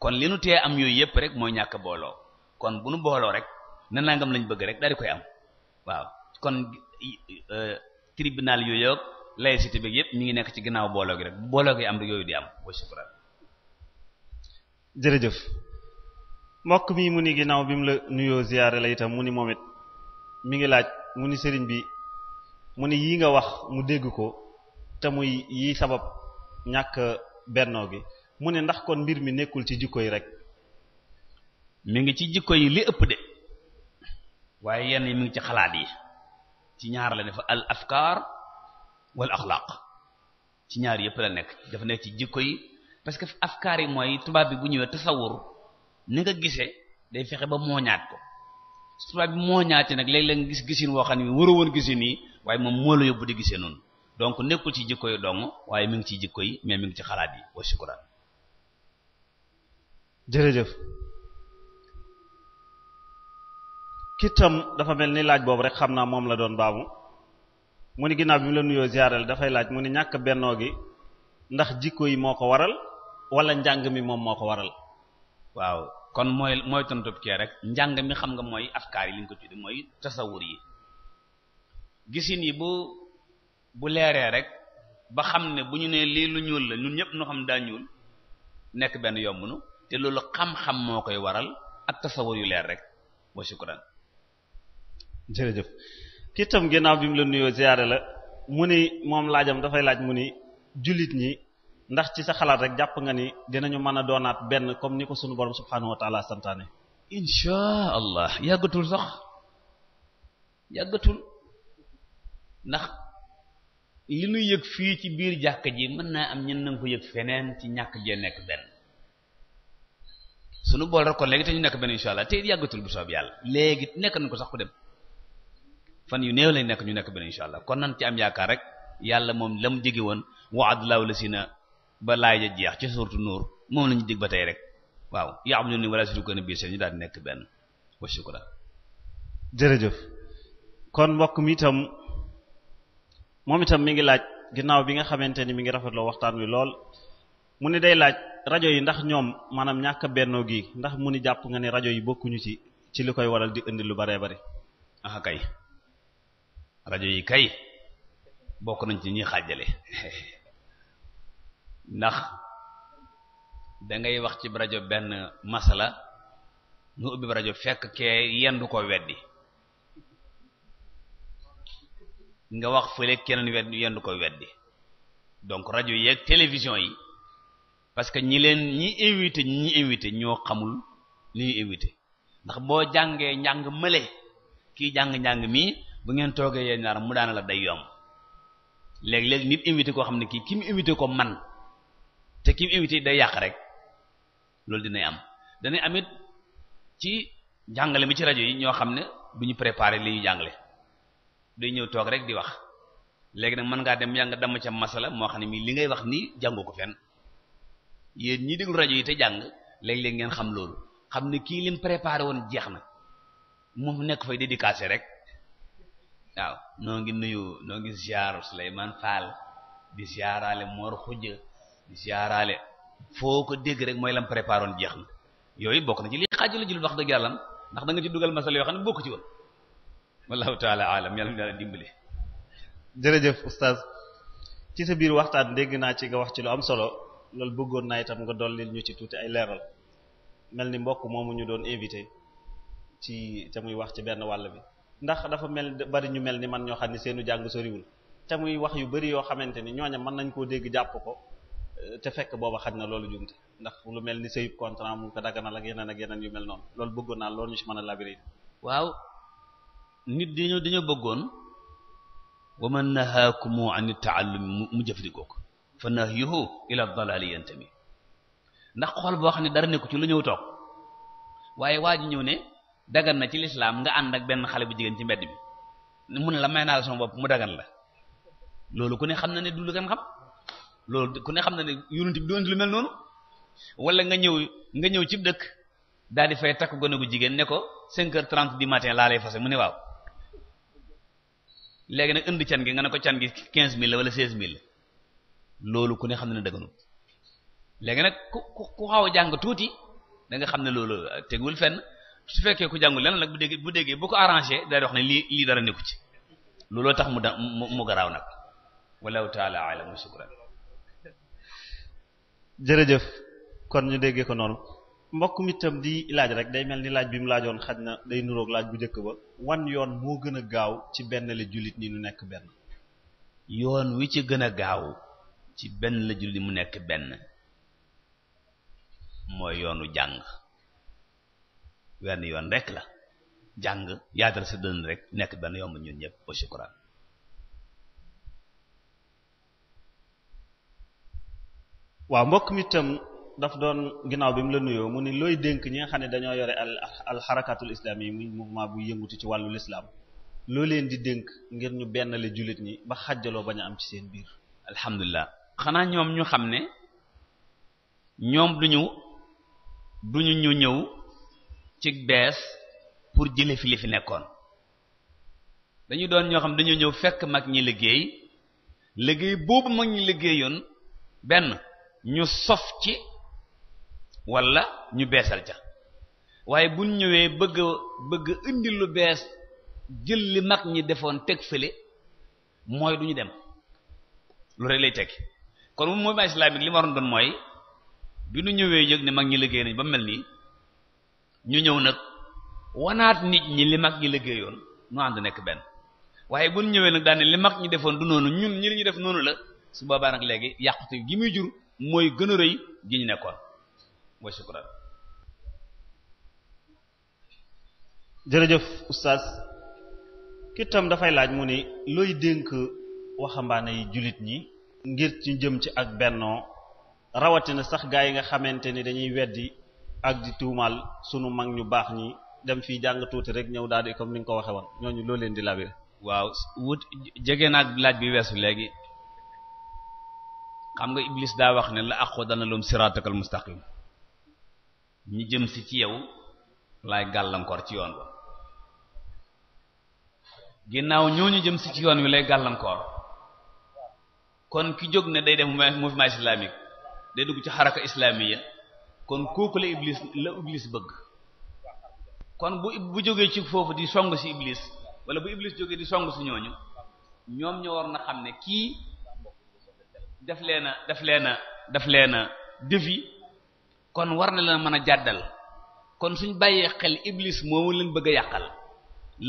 kon li nu tee am yooyu yëpp rek mooy ñàkk booloo kon bu nu booloo rek na nangam lañ bëgg rek daal koy am waaw kon e, e, tribunal yooyu ak laïcité bi yëpp mi ngi nekk ci ginnaaw booloo gi rek bu booloo gi am rek yooyu di am jërëjëf mbokk mi mu ni ginnaaw bi mu la nuyoo ziyaare la itam mu ni moom it mi ngi laaj mu ni sëriñ bi mu ni yi nga wax mu dégg ko te muy yi sabab ñàkk bennoo gi mu ne ndax kon mbir mi nekkul ci jikko yi rek mu ngi ci jikko yi li ëpp de waaye yenn yi mi ngi ci xalaat yi ci ñaar la dafa al afkaar wal axlaaq ci ñaar yëpp la nekk dafa nekk ci jikko yi parce que afkaar yi mooy tubaab bi bu ñëwee tasawur ni nga gise day fexe ba mooñaat ko tubaab bi mooñaate nag léeg-léeg gis gisin woo xam ne waroo woon gisin yi waaye moom moo la yóbbu di gisee noonu donc nekkul ci jikko yi dong waaye mi ngi ci jikko yi mais mi ngi ci xalaat yi wa shukran jërëjëf kitam dafa mel ni laaj boobu rek xam naa moom la doon baamu mu ni ginnaaw bi mu la nuyoo ziaral dafay laaj mu ni ñàkk bennoo gi ndax jikko yi moo ko waral walla njàng mi moom moo ko waral waaw kon mooy mooy tontub kee rek njàng mi xam nga mooy afkaar yi li ñu ko tudde mooy tasawur yi gisin yi bu bu leeree rek ba xam ne bu ñu nee lii lu ñuul la ñun ñëpp ñu xam daa ñuul nekk benn yomb nu te loolu xam-xam moo koy waral ak tasawur yu leer rek wa shukran jërëjëf ki itam ginnaaw bi mu la nuyoo ziyaare la mu ni moom laajam dafay laaj mu ni jullit ñi ndax ci sa xalaat rek jàpp nga ni dinañu mën a doonaat benn comme ni ko sunu borom subhaanahu wa santaane insha allah yàggatul sax yàggatul ndax li nu yëg fii ci biir jàkk ji mën na am ñen nanga ko yëg feneen ci ñàkk jee nekk benn sunu bool rek kon léegi te ñu nekk benn insha allah te yàggatul bu soob yàlla léegi nekk nañ ko sax ku dem fan yu néew lañ nekk ñu nekk ben insha allah kon nan ci am yaakaar rek yàlla moom lam jigi woon waadulaaw la si na ba laay ja jeex ci suurtu nuur moom lañu dig ba tey rek waaw yaabudu ni wala suñu ko biir seen ñu daal di nekk benn wa shukran kon mbokk mi itam moom itam mi ngi laaj ginaaw bi nga xamanteni mi ngi rafetlo waxtan wi lol mu ni day laaj radio yi ndax ñom manam ñaaka benno gi ndax mu ni japp nga ni radio yi ñu ci ci li koy waral di andi lu bare bare ah kay Radio yi kay bokku nañ ci ñi xaajale *laughs* ndax da ngay wax ci radio ben masala ñu ubbi radio fekk ke yendu ko weddi nga wax fële keneen wedd yenn ko weddi donc rajo yeeg télévision yi parce que ñi leen ñi invité ñi invité ñoo xamul li ñu invité ndax boo jàngee njàng mële kii jàng njàng mii bu ngeen toogee yéen ñaar mu daana la day yomb léeg-léeg nit invité koo xam ne kii kii mu invité ko man te kii mu invité day yàq rek loolu dinañ am danay amit ci jàngale mi ci rajo yi ñoo xam ne bu ñu préparé li ñu jàngale day ñew tok rek di wax legi nak man nga dem yaa dam ci masala mo xani mi li ngay wax ni jàngu ko fenn yéen ñii déglu rajo yi te jang leg leg ngeen xam lool xam ne ki lim préparer won jeex na nekk fay dédicacé rek waaw no ngi nuyu no ngi ziar Souleymane Fall di ziarale Mor Khoudia di ziarale foko deg rek moy lam préparer won jeex na yooyu bokk na ci li xaajal jul wax deug yalla ndax da nga ci dugal masala yo xam ne ci won wallahu taala alam yalla ñu daal dimbali jerejeuf oustaz ci sa biir waxtaan dégg na ci nga wax ci lu am solo lol bëggoon na itam nga dollil ñu ci tuti ay leeral melni mbokk momu ñu doon invité ci ta muy wax ci benn wàll bi ndax dafa mel bari ñu mel ni man ño xamni ne seenu jàng soriwul ta muy wax yu bari yo xamanteni ñoña man nañ ko dégg japp ko te fekk boba na loolu jumte ndax lu mel ni contrat mu ko daganal ak yenen ak yenen yu mel non. loolu bëggoon na loolu ñu ci mëna labiré nit dañoo dañoo bëggoon wa man nahaakumu an taallumi mu jëfandikoo ko fa nahyuhu ila dalali yantami ndax xool boo xam ne dara nekku ci lu ñëw toog waaye waa ji ñëw ne dagan na ci lislaam nga ànd ak benn xale bu jigéen ci mbedd bi mun la may naa la sama bopp mu dagan la loolu ku ne xam na ne du lu kenn xam loolu ku ne xam na ne yonent bi doon lu mel noonu wala nga ñëw nga ñëw ci cib dëkk daa di fay takk gone gu jigéen ne ko 5 heures 30 du matin laa mu ne léegi nag indi can gi nga ne ko can gi quinze mille la wala seize loolu ku ne xam ne dëgganut léegi nag ku ku xaw a jàng tuuti danga xam ne loolu tegul fenn su fekkee ku jàngul lenn nag bu déggee bu déggee bu ko arrangé day wax ne lii lii dara nekku ci looloo tax mu da mu garaaw nag wallahu taala alamu shukran jërëjëf kon ñu déggee ko noonu mbokk mi itam di laaj rek day mel ni laaj bi mu laajoon xaj na day nuroog laaj bu njëkk ba wan yoon moo gën a gaaw ci benn la jullit ni nu nekk benn yoon wi ci gën a gaaw ci benn la mu nekk benn mooy yoonu jàng wenn yoon rek la jàng yaatal sa dënn rek nekk benn yomb ñun ñëpp wa shukran waaw mbokk mi daf doon ginnaaw bi mu la nuyoo mu ni looy dénk ñi nga xam ne dañoo yore al al xarakatul islam yi muy mouvement bu yëngutu ci wàllu lislaam loo leen di dénk ngir ñu benn la jullit ñi ba xàjjaloo ba ñu am ci seen biir. alhamdulilah xanaa ñoom ñu xam ne ñoom duñu duñu ñu ñëw ci bees pour jële fi li fi nekkoon dañu doon ñoo xam dañu ñëw fekk mag ñi liggéey liggéey boobu mag ñi liggéeyoon benn ñu sof ci wala ñu beesal ca waaye bu ñëwee bëgg bëgg indi lu bees jël li mag ñi defoon teg fële mooy du ñu dem lu rek lay teg kon moom mooy islamique li ma waroon doon mooy bi ñu ñëwee yëg ne mag ñi liggéey nañ ba mel nii ñu ñëw nag wanaat nit ñi li mag ñi liggéeyoon nu ànd nekk benn waaye bu ñëwee nag daane li mag ñi defoon du noonu ñun ñi li ñu def noonu la su boobaa nag léegi yàqute gi muy jur mooy gën a rëy gi ñu nekkoon wa jërëjëf oustaz kitam dafay laaj mu ni looy dénk waxambaane yi jullit ñi ngir ci jëm ci ak bennoo rawatina sax gaa yi nga xamante ni dañuy weddi ak di tuumaal sunu mag ñu baax ñi dem fii jàng tuuti rek ñëw daal di comme ni nga ko waxe woon ñooñu loo leen di labir waaw wut jege naag laaj bi weesu léegi xam nga iblis daa wax ne la aqudanna lahum siratakal mustaqim ñu jëm si ci yow lay gàllankoor ci yoon wa ginnaaw ñooñu jëm si ci yoon wi lay gàllankoor kon ki jóg na day def mouvement islamique day dugg ci xaraka islamiya kon kooku la iblis la iblis bëgg kon bu bu jógee ci foofu di song si iblis wala bu iblis jógee di song si ñooñu ñoom ñoo war na xam ne kii daf leen a daf leen a daf leen a défi kon war na leen mën a jàddal kon suñ bàyyee xel iblis moomu leen bëgg a yàqal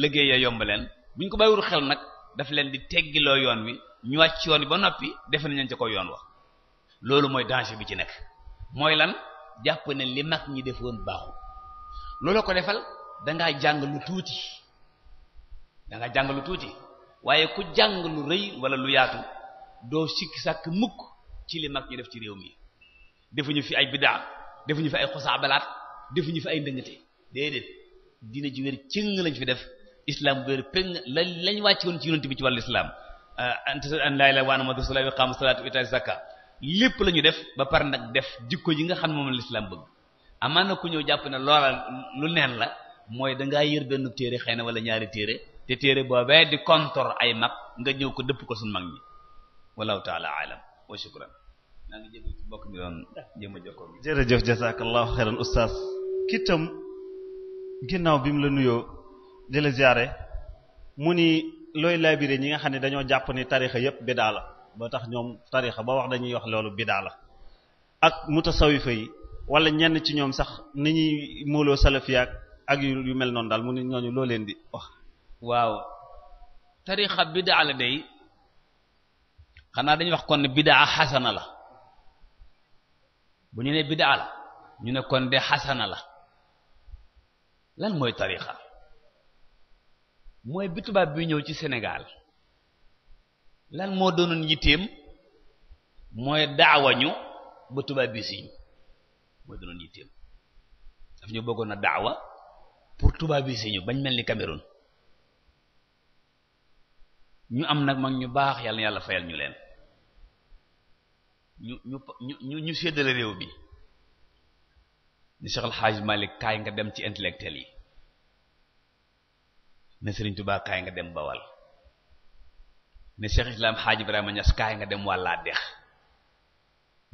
liggéey ya yomb leen buñ ko bàyyiwul xel nag daf leen di teggiloo yoon wi ñu wàcc yoon wi ba noppi defe nañ ca ko yoon wa loolu mooy danger bi ci nekk mooy lan jàpp ne li mag ñi defoon baaxul loolu ko defal dangaa jàng lu tuuti dangaa jàng lu tuuti waaye ku jàng lu rëy wala lu yaatu doo sikki sàkk mukk ci li mag ñi def ci réew mi defuñu fi ay biddaa defuñu fi ay xosaabalaat ñu fi ay ndëngate déedéet dina ji wér cëng lañ fi def islaam bu wér peng lañ lañ wàcc woon ci yonent bi ci wàllu islam ant ah, an laa ilaaha illallaa muhammadur rasuulullaah wa iqaamu salaati wa iitaa'i lépp la ñu def ba pare nag def jikko ji nga xam ne moom la islam bëgg amaan na ku ñëw jàpp ne loola lu neen la mooy dangaa yër benn téere xëy na wala ñaari téere te téere boobee di kontor ay mag nga ñëw ko dëpp ko suñ mag ñi wallahu taala alam wa shukran maa mbokk mi doon jéem a jokkoo jërëjëf jazakallahu xeyran oustaz kitam ginnaaw bi mu la nuyoo di la ziyaare mu ni looy laabire ñi nga xam ne dañoo jàpp ni tarixa yépp bidaa la boo tax ñoom tarixa boo wax dañuy wax loolu bidaa la ak mutasawifa yi wala ñenn ci ñoom sax ni ñuy móoloo salafiya ak yu mel noonu daal mu ni ñooñu loo leen di wax waaw tarixa bidaa la day xanaa dañuy wax kon ne bidaa xasana la bu ñu ne bidaa ñu ne kon de xasana la lan mooy tariqa mooy bi tubaab bi ñëw ci senegaal lan moo doonoon yitteem mooy daawañu ba tubaab bi siiñ daf ñu bëggoon a daawa pour tubaab bi siiñu bañ mel ni Cameroun ñu am nag mag ñu baax yàlla yàlla fayal ñu leen ñu ñu ñu ñu séddale réew mi ni Cheikh El malik Malick kaay nga dem ci intellectuel yi ne Serigne Touba kaay nga dem Bawal ne Cheikh Islam Hadj ma Niass kaay nga dem wàllaa dex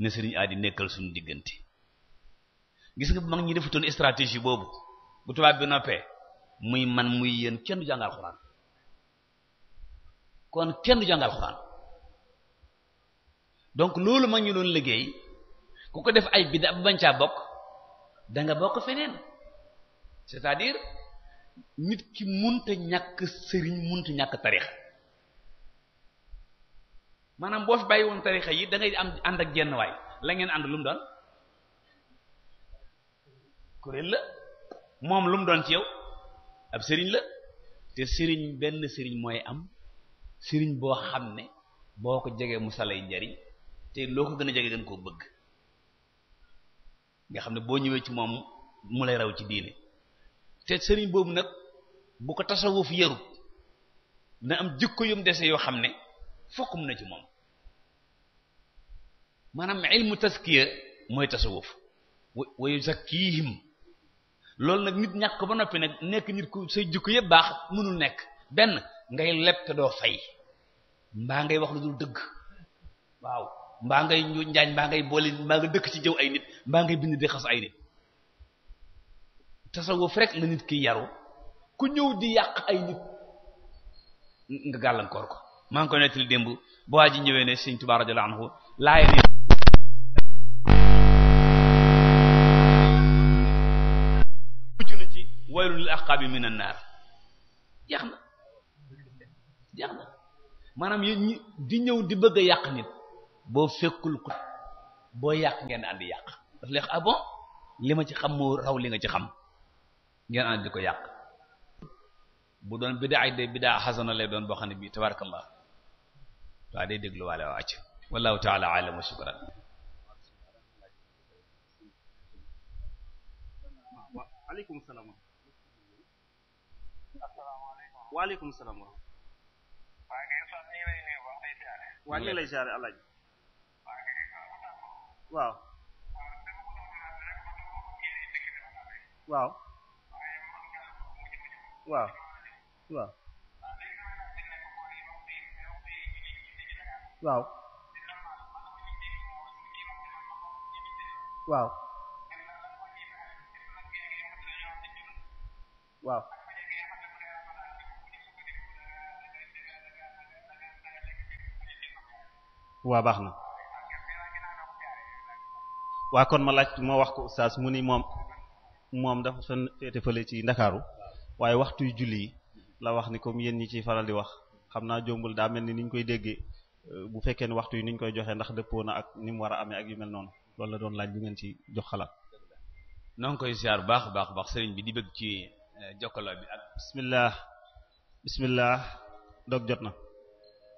ne Serigne Adi nekkal suñu diggante gis nga mag ñi ton stratégie boobu bu tubaab bi noppee muy man muy yéen kenn du jàngal Alxuraan kon kenn du jàngal Alxuraan donc lolu ma ñu doon liggey ku ko def ay bid'a ba bañ bok da nga bok fenen c'est-à-dire nit ki munta ñak serigne munta ñak tarixa manam bo fi bayiwon woon yi da ngay am and ak genn way la ngeen sering lu mu doon kuréel la mom lu doon ci yow ab serigne la te serigne ben serigne moy am serigne bo xamne ne jégué musalay jegee te loo ko gën a jege gën koo bëgg nga xam ne boo ñëwee ci moom mu lay raw ci diine te sëriñ boobu nag bu ko tasawuf yarut na am jikko yum dese yoo xam ne fokkum na ci moom maanaam ilmu taskiya mooy tasawuf sa yuzakkihim loolu nag nit ñàkk ko ba noppi nag nekk nit ku say jikko yëpp baax mënul nekk benn ngay leb te doo fay mbaa ngay wax lu dul dëgg waaw mbaa ngay njaañ mbaa ngay boole mbaa dëkk ci jëw ay nit mbaa ngay bind di xas ay nit tasawuf rek la nit ki yaru ku ñëw di yàq ay nit nga gàllankoor ko maa ngi koy nettali démb ba waa ji ñëwee ne Sëriñ Tuubaa radiyallahu anhu laay ni mucc na na jeex maanaam di ñëw di bëgg a yàq nit boo fekkul ko boo yàq ngeen àndi yàq daf leex ah li ma ci xam moo raw li nga ci xam ngeen ànd di ko yàq bu doon bidaa day bidaa xasana lay doon boo xam ne bii tabarakallah waa day dégluwaale waa acc taala alam wa shukran waaleykum uau uau uau uau uau uau Uau. Uau, baax waa kon ma laaj ma wax ko oustaz mu ni moom moom dafa fa féete fële ci ndakaaru waaye waxtuy julli yi la wax ni comme yéen ñi ciy faral di wax xam naa jombul daa mel ni ni ñu koy déggee euh, bu fekkee ne waxtu yi ni ñu koy joxee ndax dëppoo na ak ni mu war a amee ak yu mel noonu loolu la doon laaj bu ngeen ci jox xalaat noo ngi koy ziar baax baax baax sëriñ bi di bëgg ci euh, jokkaloo bi ak bismillah bismillah dog jot na